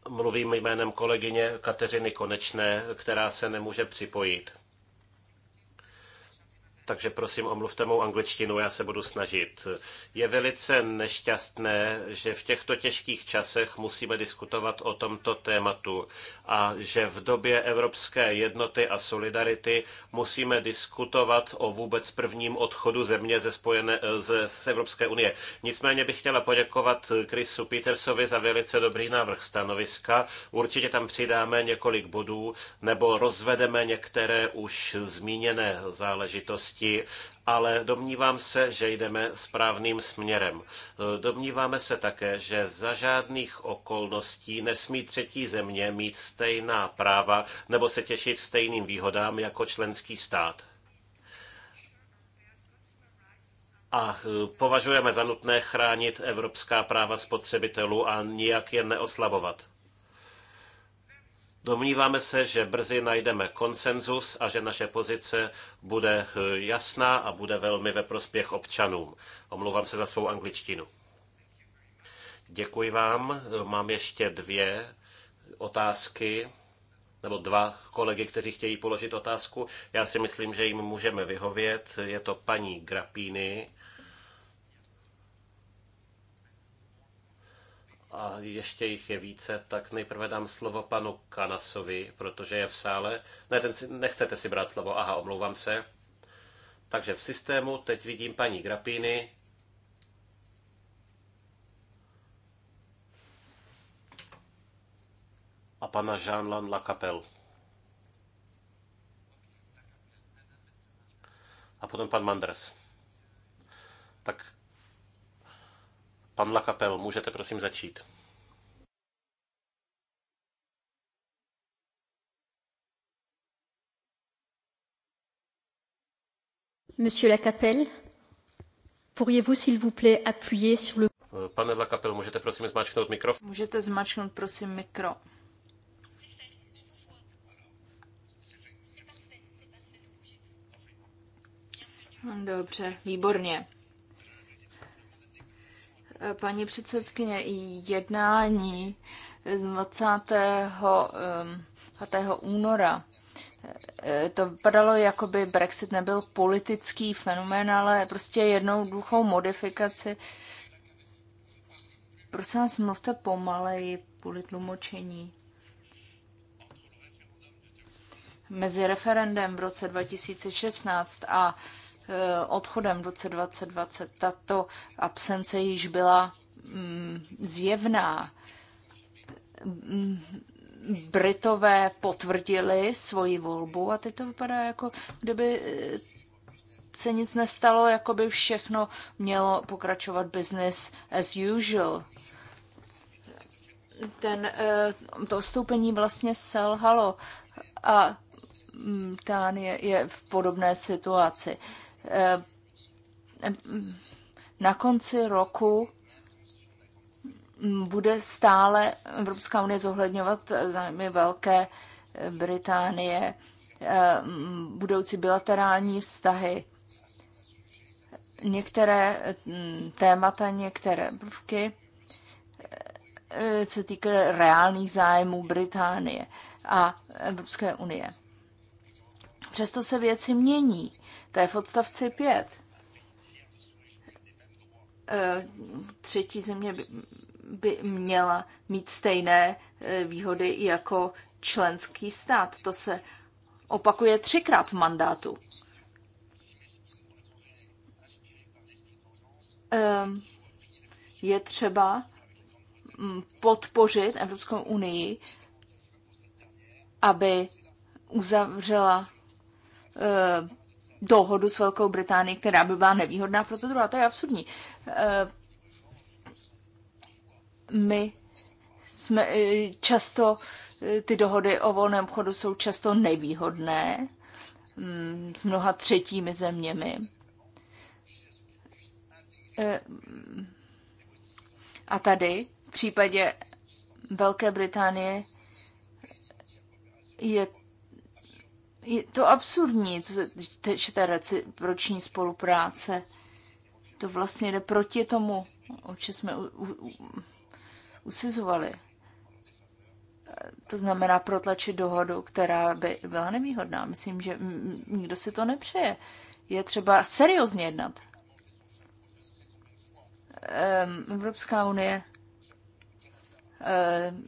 Mluvím jménem kolegyně Kateřiny Konečné, která se nemůže připojit takže prosím omluvte mou angličtinu, já se budu snažit. Je velice nešťastné, že v těchto těžkých časech musíme diskutovat o tomto tématu a že v době evropské jednoty a solidarity musíme diskutovat o vůbec prvním odchodu země ze, spojené, ze, z Evropské unie. Nicméně bych chtěla poděkovat Chrisu Petersovi za velice dobrý návrh stanoviska. Určitě tam přidáme několik bodů nebo rozvedeme některé už zmíněné záležitosti rychlosti, ale domnívám se, že jdeme správným směrem. Domníváme se také, že za žádných okolností nesmí třetí země mít stejná práva nebo se těšit stejným výhodám jako členský stát. A eh, považujeme za nutné chránit evropská práva spotřebitelů a nijak je neoslabovat. Domníváme se, že brzy najdeme konsenzus a že naše pozice bude eh, jasná a bude velmi ve prospěch občanům. Omlouvám se za svou angličtinu. Děkuji vám. Mám ještě dvě otázky nebo dva kolegy, kteří chtějí položit otázku. Já si myslím, že jim můžeme vyhovět. Je to paní Grapíny a ještě jich je více, tak nejprve dám slovo panu Kanasovi, protože je v sále. Ne, ten si, nechcete si brát slovo, aha, omlouvám se. Takže v systému teď vidím paní Grapíny. A pana Jean-Lan Lacapelle. A potom pan Manders. Tak Pan Lakapel, můžete prosím začít. Monsieur Lacapelle, pourriez-vous s'il vous plaît appuyer sur le... Pane Lacapelle, můžete prosím zmačknout mikro? Můžete zmačknout prosím mikro. Dobře, výborně. Paní předsedkyně, jednání z 20. 20. února e, to vypadalo, jako by Brexit nebyl politický fenomén, ale prostě jednou duchou modifikaci. Prosím vás, mluvte pomaleji kvůli tlumočení. Mezi referendem v roce 2016 a Eh, odchodem v roce 2020. Tato absence již byla mm, zjevná. Mm, Britové potvrdili svoji volbu a teď to vypadá jako, kdyby eh, se nic nestalo, jako by všechno mělo pokračovat business as usual. Ten, eh, to vstoupení vlastně selhalo a mm, Tán je, je v podobné situaci. Eh, na konci roku bude stále Evropská unie zohledňovat zájmy Velké Británie, eh, budoucí bilaterální vztahy, některé mm, témata, některé prvky eh, se týká reálných zájmů Británie a Evropské unie. Přesto se věci mění. To je v odstavci 5. Eh, třetí země by měla mít stejné eh, výhody jako členský stát. To se opakuje třikrát v mandátu. Ehm, je třeba mm, podpořit Evropskou unii, aby uzavřela eh, dohodu s Velkou Británií, která by byla nevýhodná pro to druhá. To je absurdní. Eh, my jsme eh, často, eh, ty dohody o volném chodu jsou často nevýhodné mm, s mnoha třetími zeměmi. A tady v případě Velké Británie je je to absurdní, co se týče té reciproční spolupráce. To vlastně jde proti tomu, o čem jsme u, u, usizovali. To znamená protlačit dohodu, která by byla nevýhodná. Myslím, že nikdo si to nepřeje. Je třeba seriózně jednat. Ehm, Evropská unie ehm,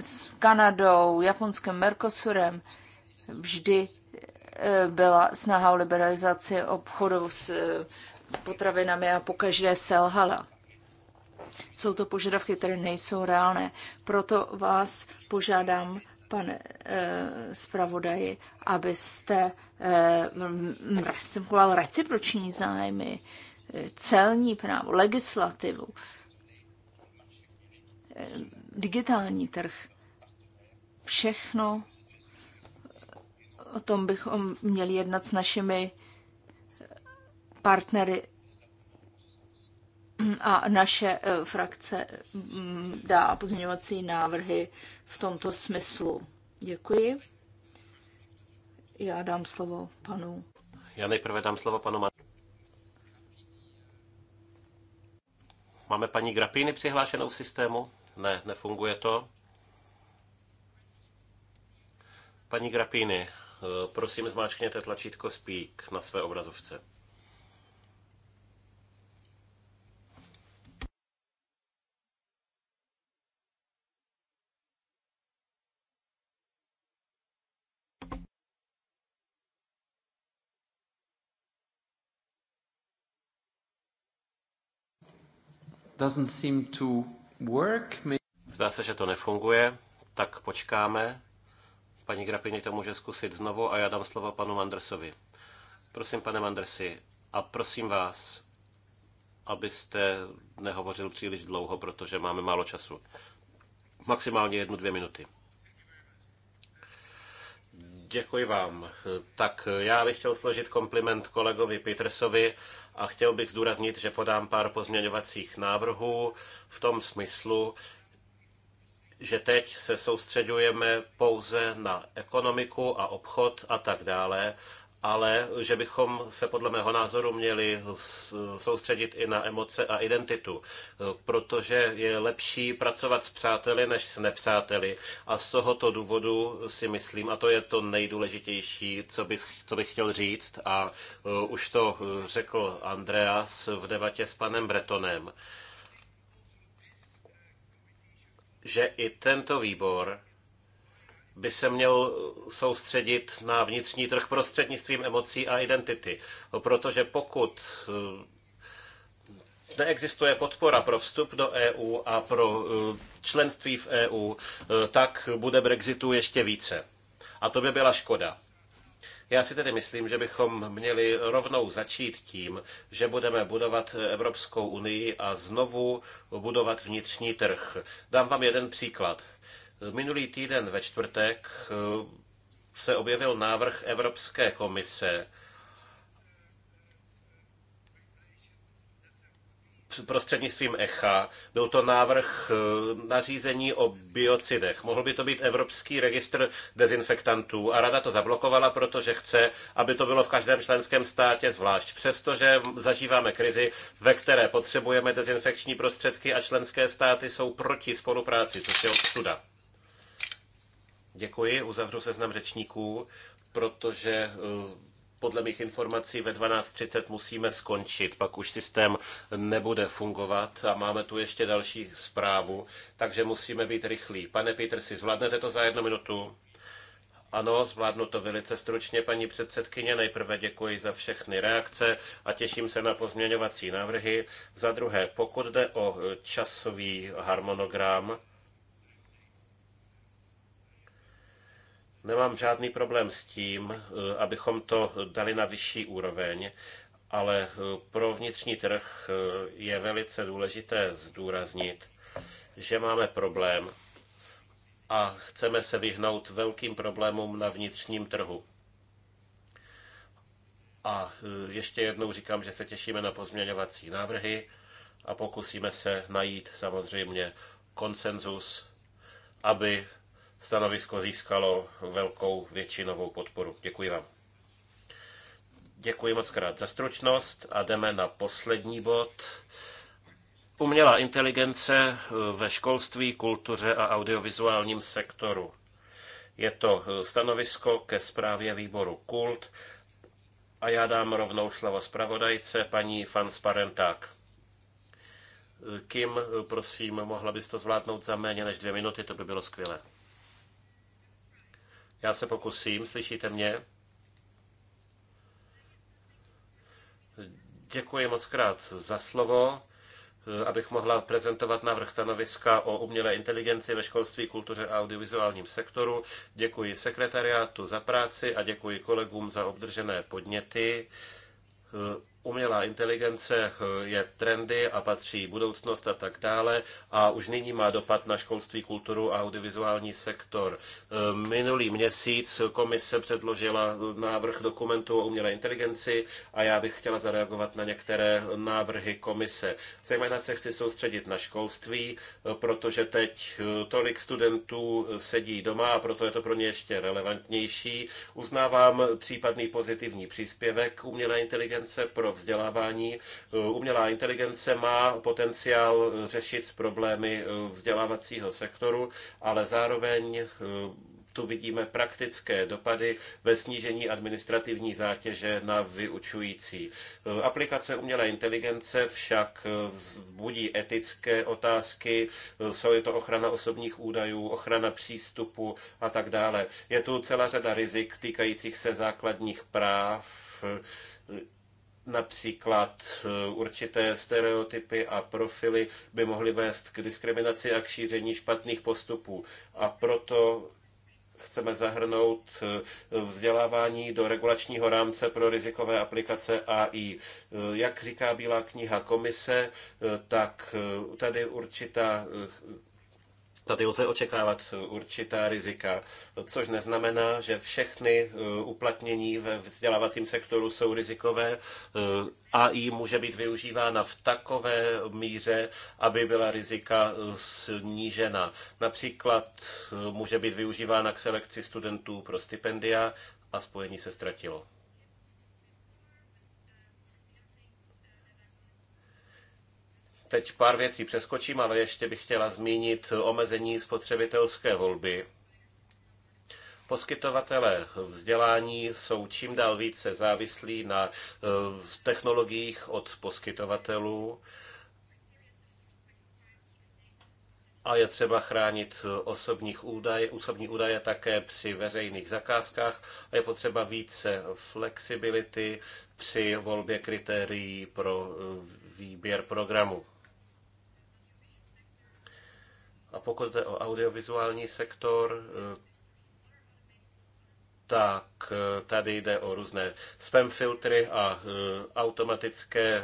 s Kanadou, Japonskem, Mercosurem, Vždy eh, byla snaha o liberalizaci obchodu s eh, potravinami a pokaždé selhala. Jsou to požadavky, které nejsou reálné. Proto vás požádám, pane eh, zpravodaji, eh, abyste e, stimuloval reciproční zájmy, celní právo, legislativu, digitální trh. Všechno o tom bychom um, měli jednat s našimi eh, partnery a naše eh, frakce mm, dá pozměňovací návrhy v tomto smyslu. Děkuji. Já dám slovo panu. Já nejprve dám slovo panu Man- Máme paní Grapíny přihlášenou v systému? Ne, nefunguje to. Paní Grapíny, Eh, prosím, zmáčkněte tlačítko Speak na své obrazovce. Doesn't seem to work. Zdá se, že to nefunguje, tak počkáme. Paní Grapini to může zkusit znovu a já dám slovo panu Mandersovi. Prosím, pane Mandersi, a prosím vás, abyste nehovořil příliš dlouho, protože máme málo času. Maximálně jednu, dvě minuty. Děkuji vám. Tak já bych chtěl složit kompliment kolegovi Petersovi a chtěl bych zdůraznit, že podám pár pozměňovacích návrhů v tom smyslu, že teď se soustředujeme pouze na ekonomiku a obchod a tak dále, ale že bychom se podle mého názoru měli soustředit i na emoce a identitu, protože je lepší pracovat s přáteli než s nepřáteli a z tohoto důvodu si myslím, a to je to nejdůležitější, co bych, co bych chtěl říct a už to řekl Andreas v debatě s panem Bretonem, že i tento výbor by se měl soustředit na vnitřní trh prostřednictvím emocí a identity. Protože pokud eh, neexistuje podpora pro vstup do EU a pro eh, členství v EU, eh, tak bude Brexitu ještě více. A to by byla škoda. Já si tedy myslím, že bychom měli rovnou začít tím, že budeme budovat Evropskou unii a znovu budovat vnitřní trh. Dám vám jeden příklad. Minulý týden ve čtvrtek eh, se objevil návrh Evropské komise, prostřednictvím ECHA. Byl to návrh eh, nařízení o biocidech. Mohl by to být Evropský registr dezinfektantů a rada to zablokovala, protože chce, aby to bylo v každém členském státě zvlášť. Přestože zažíváme krizi, ve které potřebujeme dezinfekční prostředky a členské státy jsou proti spolupráci, což je odstuda. Děkuji, uzavřu seznam řečníků, protože eh, podle mých informací ve 12.30 musíme skončit, pak už systém nebude fungovat a máme tu ještě další zprávu, takže musíme být rychlí. Pane Petr, si zvládnete to za jednu minutu? Ano, zvládnu to velice stručně, paní předsedkyně. Nejprve děkuji za všechny reakce a těším se na pozměňovací návrhy. Za druhé, pokud jde o časový harmonogram, Nemám žádný problém s tím, eh, abychom to dali na vyšší úroveň, ale eh, pro vnitřní trh eh, je velice důležité zdůraznit, že máme problém a chceme se vyhnout velkým problémům na vnitřním trhu. A ještě jednou říkám, že se těšíme na pozměňovací návrhy a pokusíme se najít samozřejmě konsenzus, aby stanovisko získalo velkou většinovou podporu. Děkuji vám. Děkuji moc krát za stručnost a jdeme na poslední bod. Umělá inteligence eh, ve školství, kultuře a audiovizuálním sektoru. Je to eh, stanovisko ke zprávě výboru Kult a já dám rovnou slovo zpravodajce paní Fansparenták. Eh, Kim, prosím, mohla bys to zvládnout za méně než dvě minuty, to by bylo skvělé. Já se pokusím, slyšíte mě? Děkuji moc krát za slovo, abych mohla prezentovat návrh stanoviska o umělé inteligenci ve školství, kultuře a audiovizuálním sektoru. Děkuji sekretariátu za práci a děkuji kolegům za obdržené podněty umělá inteligence eh, je trendy a patří budoucnost a tak dále a už nyní má dopad na školství, kulturu a audiovizuální sektor. Eh, minulý měsíc komise předložila návrh dokumentu o umělé inteligenci a já bych chtěla zareagovat na některé návrhy komise. Zejména se chci soustředit na školství, eh, protože teď tolik studentů sedí doma a proto je to pro ně ještě relevantnější. Uznávám případný pozitivní příspěvek umělé inteligence pro vzdělávání. Umělá inteligence má potenciál řešit problémy vzdělávacího sektoru, ale zároveň eh, tu vidíme praktické dopady ve snížení administrativní zátěže na vyučující. Eh, aplikace umělé inteligence však eh, budí etické otázky, jsou je to ochrana osobních údajů, ochrana přístupu a tak dále. Je tu celá řada rizik týkajících se základních práv, Například eh, určité stereotypy a profily by mohly vést k diskriminaci a k šíření špatných postupů. A proto chceme zahrnout eh, vzdělávání do regulačního rámce pro rizikové aplikace AI. Eh, jak říká Bílá kniha komise, tak tady určitá Tady lze očekávat určitá rizika, což neznamená, že všechny eh, uplatnění ve vzdělávacím sektoru jsou rizikové. Eh, AI může být využívána v takové míře, aby byla rizika eh, snížena. Například může být využívána k selekci studentů pro stipendia a spojení se ztratilo. Teď pár věcí přeskočím, ale ještě bych chtěla zmínit omezení spotřebitelské volby. Poskytovatelé vzdělání jsou čím dál více závislí na eh, technologiích od poskytovatelů a je třeba chránit osobních údaje, osobní údaje také při veřejných zakázkách a je potřeba více flexibility při volbě kritérií pro eh, výběr programu. A pokud jde o audiovizuální sektor, eh, tak eh, tady jde o různé spam filtry a eh, automatické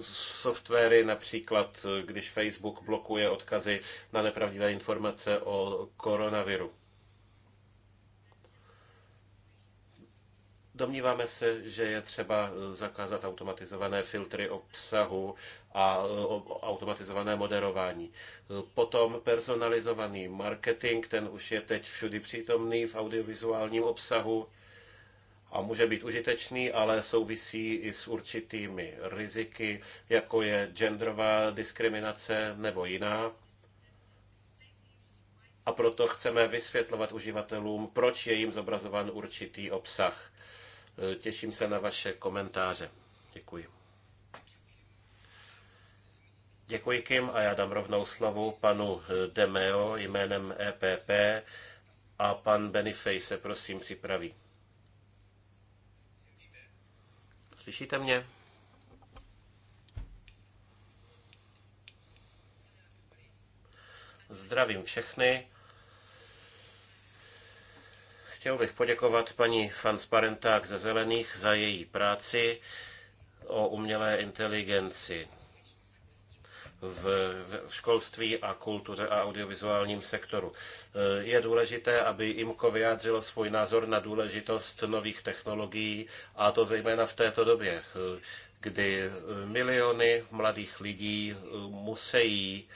softwary, například když Facebook blokuje odkazy na nepravdivé informace o koronaviru. Domníváme se, že je třeba e, zakázat automatizované filtry obsahu a e, automatizované moderování. E, potom personalizovaný marketing, ten už je teď všudy přítomný v audiovizuálním obsahu a může být užitečný, ale souvisí i s určitými riziky, jako je genderová diskriminace nebo jiná. A proto chceme vysvětlovat uživatelům, proč je jim zobrazován určitý obsah. Eh, těším se na vaše komentáře. Děkuji. Děkuji, Kim, a já dám rovnou slovu panu eh, Demeo jménem EPP a pan Benifej se prosím připraví. Slyšíte mě? Zdravím všechny. Chtěl bych poděkovat paní Fansparenták ze Zelených za její práci o umělé inteligenci v, školství a kultuře a audiovizuálním sektoru. E, je důležité, aby IMKO vyjádřilo svůj názor na důležitost nových technologií, a to zejména v této době, e, kdy e, miliony mladých lidí musí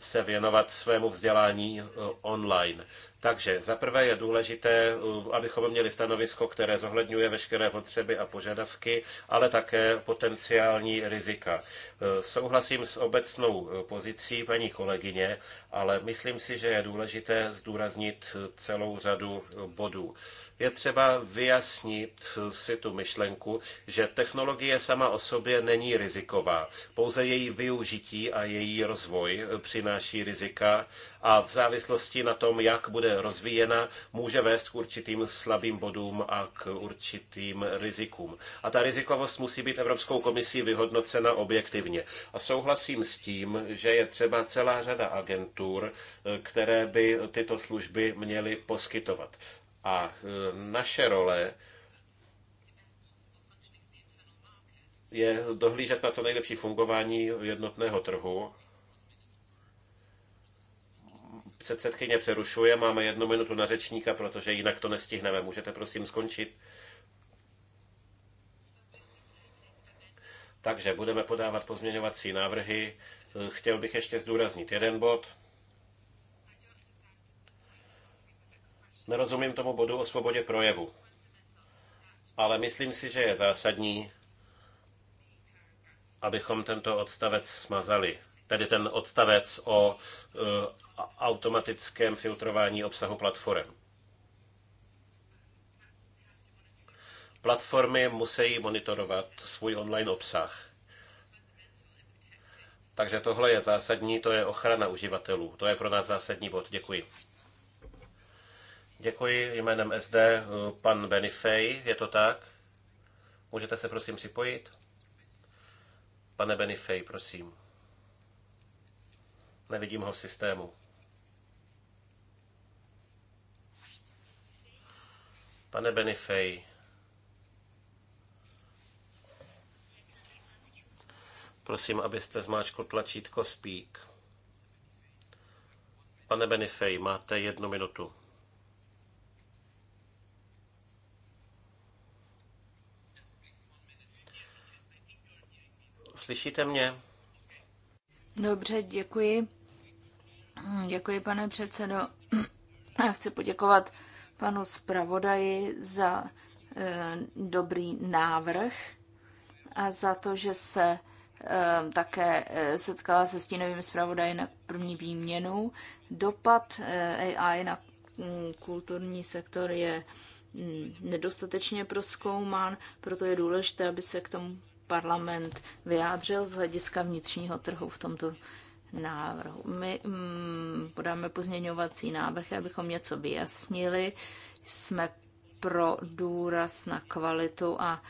se věnovat svému vzdělání online. Takže za prvé je důležité, abychom měli stanovisko, které zohledňuje veškeré potřeby a požadavky, ale také potenciální rizika. E, souhlasím s obecnou e, pozicí paní kolegyně, ale myslím si, že je důležité zdůraznit e, celou řadu bodů. Je třeba vyjasnit si tu myšlenku, že technologie sama o sobě není riziková. Pouze její využití a její rozvoj přináší rizika a v závislosti na tom, jak bude rozvíjena, může vést k určitým slabým bodům a k určitým rizikům. A ta rizikovost musí být Evropskou komisí vyhodnocena objektivně. A souhlasím s tím, že je třeba celá řada agentur, které by tyto služby měly poskytovat. A e, naše role je dohlížet na co nejlepší fungování jednotného trhu. Předsedkyně přerušuje, máme jednu minutu na řečníka, protože jinak to nestihneme. Můžete prosím skončit? Takže budeme podávat pozměňovací návrhy. Chtěl bych ještě zdůraznit jeden bod. Nerozumím tomu bodu o svobodě projevu, ale myslím si, že je zásadní, abychom tento odstavec smazali. Tedy ten odstavec o uh, automatickém filtrování obsahu platform. Platformy musí monitorovat svůj online obsah. Takže tohle je zásadní, to je ochrana uživatelů. To je pro nás zásadní bod. Děkuji. Děkuji jménem SD, eh, pan Benifej, je to tak? Můžete se prosím připojit? Pane Benifej, prosím. Nevidím ho v systému. Pane Benifej, prosím, abyste zmáčkl tlačítko Speak. Pane Benifej, máte jednu minutu. Slyšíte mě? Dobře, děkuji. Děkuji, pane předsedo. Já chci poděkovat panu zpravodaji za e, dobrý návrh a za to, že se e, také eh, setkala se stínovým zpravodaji na první výměnu. Dopad e, AI na mm, kulturní sektor je mm, nedostatečně proskoumán, proto je důležité, aby se k tomu parlament vyjádřil z hlediska vnitřního trhu v tomto návrhu. My mm, podáme pozměňovací návrh, abychom něco vyjasnili. Jsme pro důraz na kvalitu a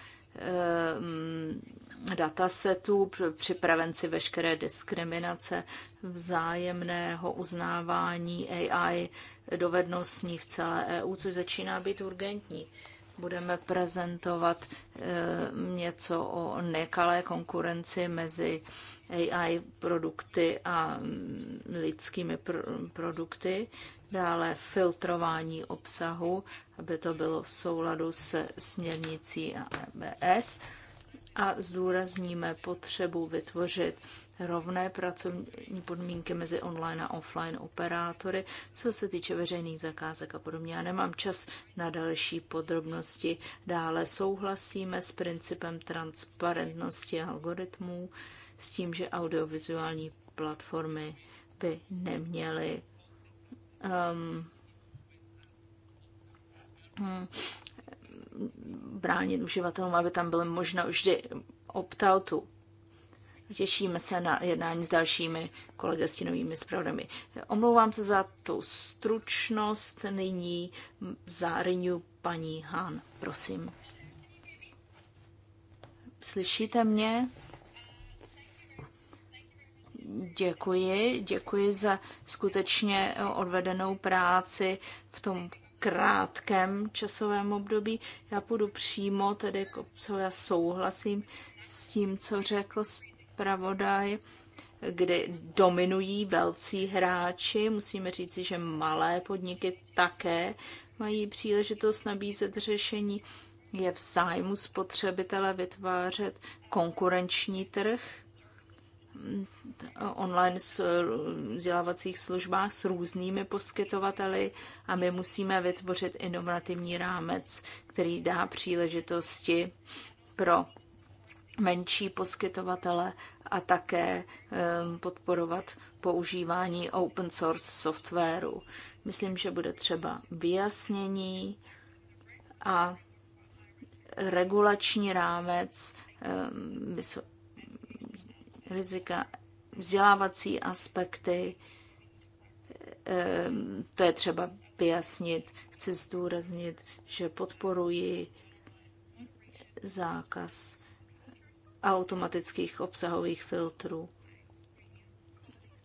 e, datasetů při prevenci veškeré diskriminace, vzájemného uznávání AI dovedností v celé EU, což začíná být urgentní budeme prezentovat eh, něco o nekalé konkurenci mezi AI produkty a mm, lidskými pr- produkty, dále filtrování obsahu, aby to bylo v souladu se směrnicí ABS a zdůrazníme potřebu vytvořit rovné pracovní podmínky mezi online a offline operátory, co se týče veřejných zakázek a podobně. Já nemám čas na další podrobnosti. Dále souhlasíme s principem transparentnosti algoritmů, s tím, že audiovizuální platformy by neměly um, um, bránit uživatelům, aby tam byly možná vždy opt-outu Těšíme se na jednání s dalšími kolegy s novými zpravodami. Omlouvám se za tu stručnost. Nyní za Renew paní Hán, prosím. Slyšíte mě? Děkuji, děkuji za skutečně odvedenou práci v tom krátkém časovém období. Já půjdu přímo tedy co já souhlasím s tím, co řekl zpravodaj, kdy dominují velcí hráči. Musíme říci, že malé podniky také mají příležitost nabízet řešení. Je v zájmu spotřebitele vytvářet konkurenční trh online vzdělávacích službách s různými poskytovateli a my musíme vytvořit inovativní rámec, který dá příležitosti pro menší poskytovatele a také ehm, podporovat používání open source softwaru. Myslím, že bude třeba vyjasnění a regulační rámec ehm, rizika, vzdělávací aspekty, ehm, to je třeba vyjasnit. Chci zdůraznit, že podporuji zákaz automatických obsahových filtrů.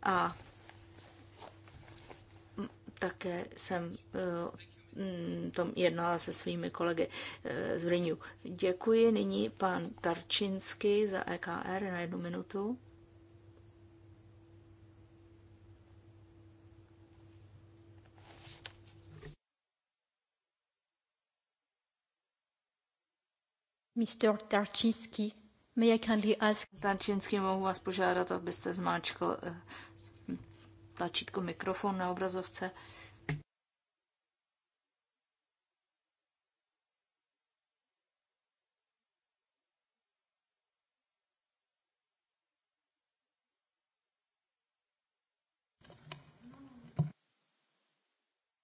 A také jsem e, tom jednala se svými kolegy e, z Vrňu. Děkuji nyní pan Tarčinsky za EKR na jednu minutu. Mr. Tarczyński. May I kindly ask... Tančinsky mohu vás požádat, abyste zmáčkl eh, tlačítko mikrofon na obrazovce.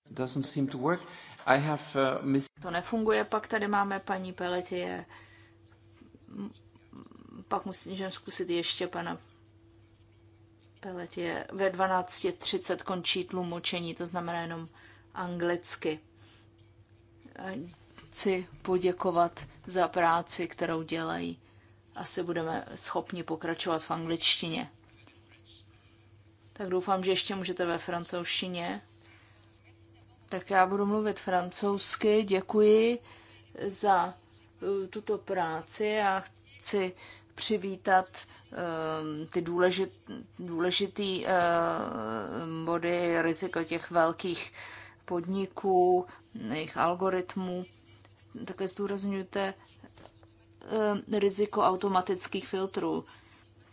Doesn't seem to work. I have, uh, eh, miss... To nefunguje, pak tady máme paní Pelletier pak musím zkusit ještě pana Peletě. Ve 12.30 končí tlumočení, to znamená jenom anglicky. Chci poděkovat za práci, kterou dělají. Asi budeme schopni pokračovat v angličtině. Tak doufám, že ještě můžete ve francouzštině. Tak já budu mluvit francouzsky. Děkuji za uh, tuto práci a chci přivítat ehm, ty důležité důležitý ehm, body, riziko těch velkých podniků, jejich algoritmů. Také zdůrazňujete ehm, riziko automatických filtrů.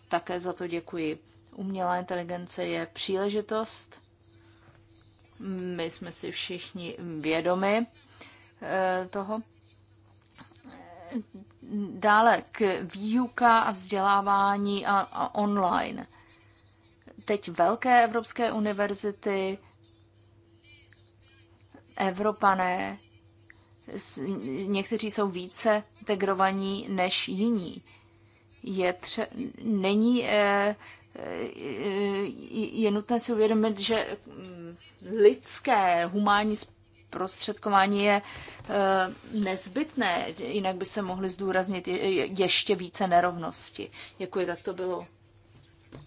Také za to děkuji. Umělá inteligence je příležitost. My jsme si všichni vědomi eh, toho Dále k výuka a vzdělávání a, a online. Teď velké evropské univerzity, Evropané, někteří jsou více integrovaní než jiní. Je tře- není eh, eh je nutné si uvědomit, že mm, lidské humánní zprostředkování je eh, nezbytné, jinak by se mohly zdůraznit ještě více nerovnosti. Děkuji, tak to bylo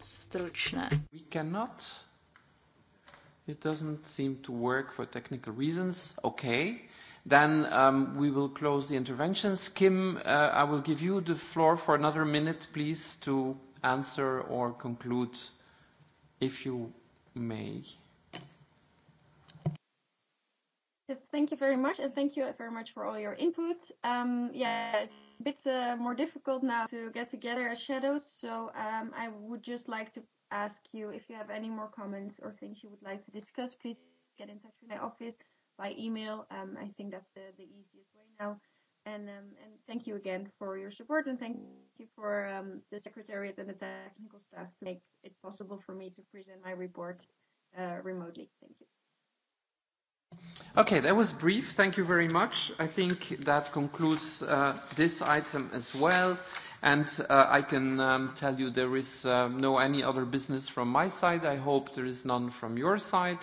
stručné. We cannot. It doesn't seem to work for technical reasons. Okay. Then um, we will close the interventions. Kim, uh, I will give you the floor for another minute, please, to answer or conclude if you may. Yes, thank you very much, and thank you very much for all your input. Um, yeah, it's a bit uh, more difficult now to get together as shadows, so um, I would just like to ask you if you have any more comments or things you would like to discuss, please get in touch with my office by email. Um, I think that's uh, the easiest way now. And, um, and thank you again for your support, and thank you for um, the secretariat and the technical staff to make it possible for me to present my report uh, remotely. Thank you. Okay, that was brief. Thank you very much. I think that concludes uh, this item as well. And uh, I can um, tell you there is uh, no any other business from my side. I hope there is none from your side.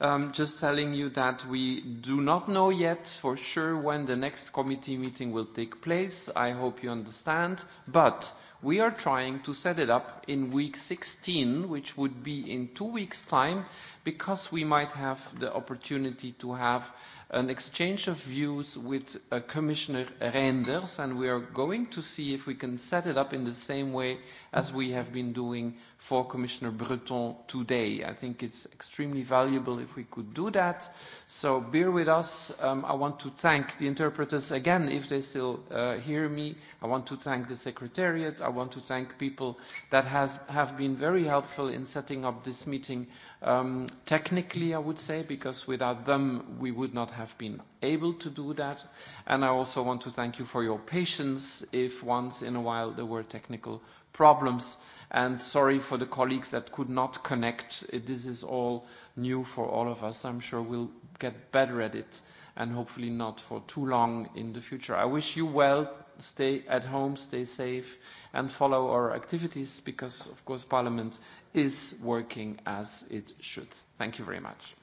Um, just telling you that we do not know yet for sure when the next committee meeting will take place. I hope you understand. But We are trying to set it up in week 16, which would be in two weeks' time, because we might have the opportunity to have an exchange of views with uh, Commissioner Reinders, and we are going to see if we can set it up in the same way as we have been doing for Commissioner Breton today. I think it's extremely valuable if we could do that. So bear with us. Um, I want to thank the interpreters again, if they still uh, hear me. I want to thank the Secretariat. I want to thank people that has, have been very helpful in setting up this meeting Um, technically, I would say, because without them, we would not have been able to do that. I also want to thank you for your patience if once in a while there were technical problems. sorry for the colleagues that could not connect. This is all new for all of us. I'm sure we'll get better at it and hopefully not for too long in the future. I wish you well stay at home, stay safe, and follow our activities because, of course, Parliament is working as it should. Thank you very much.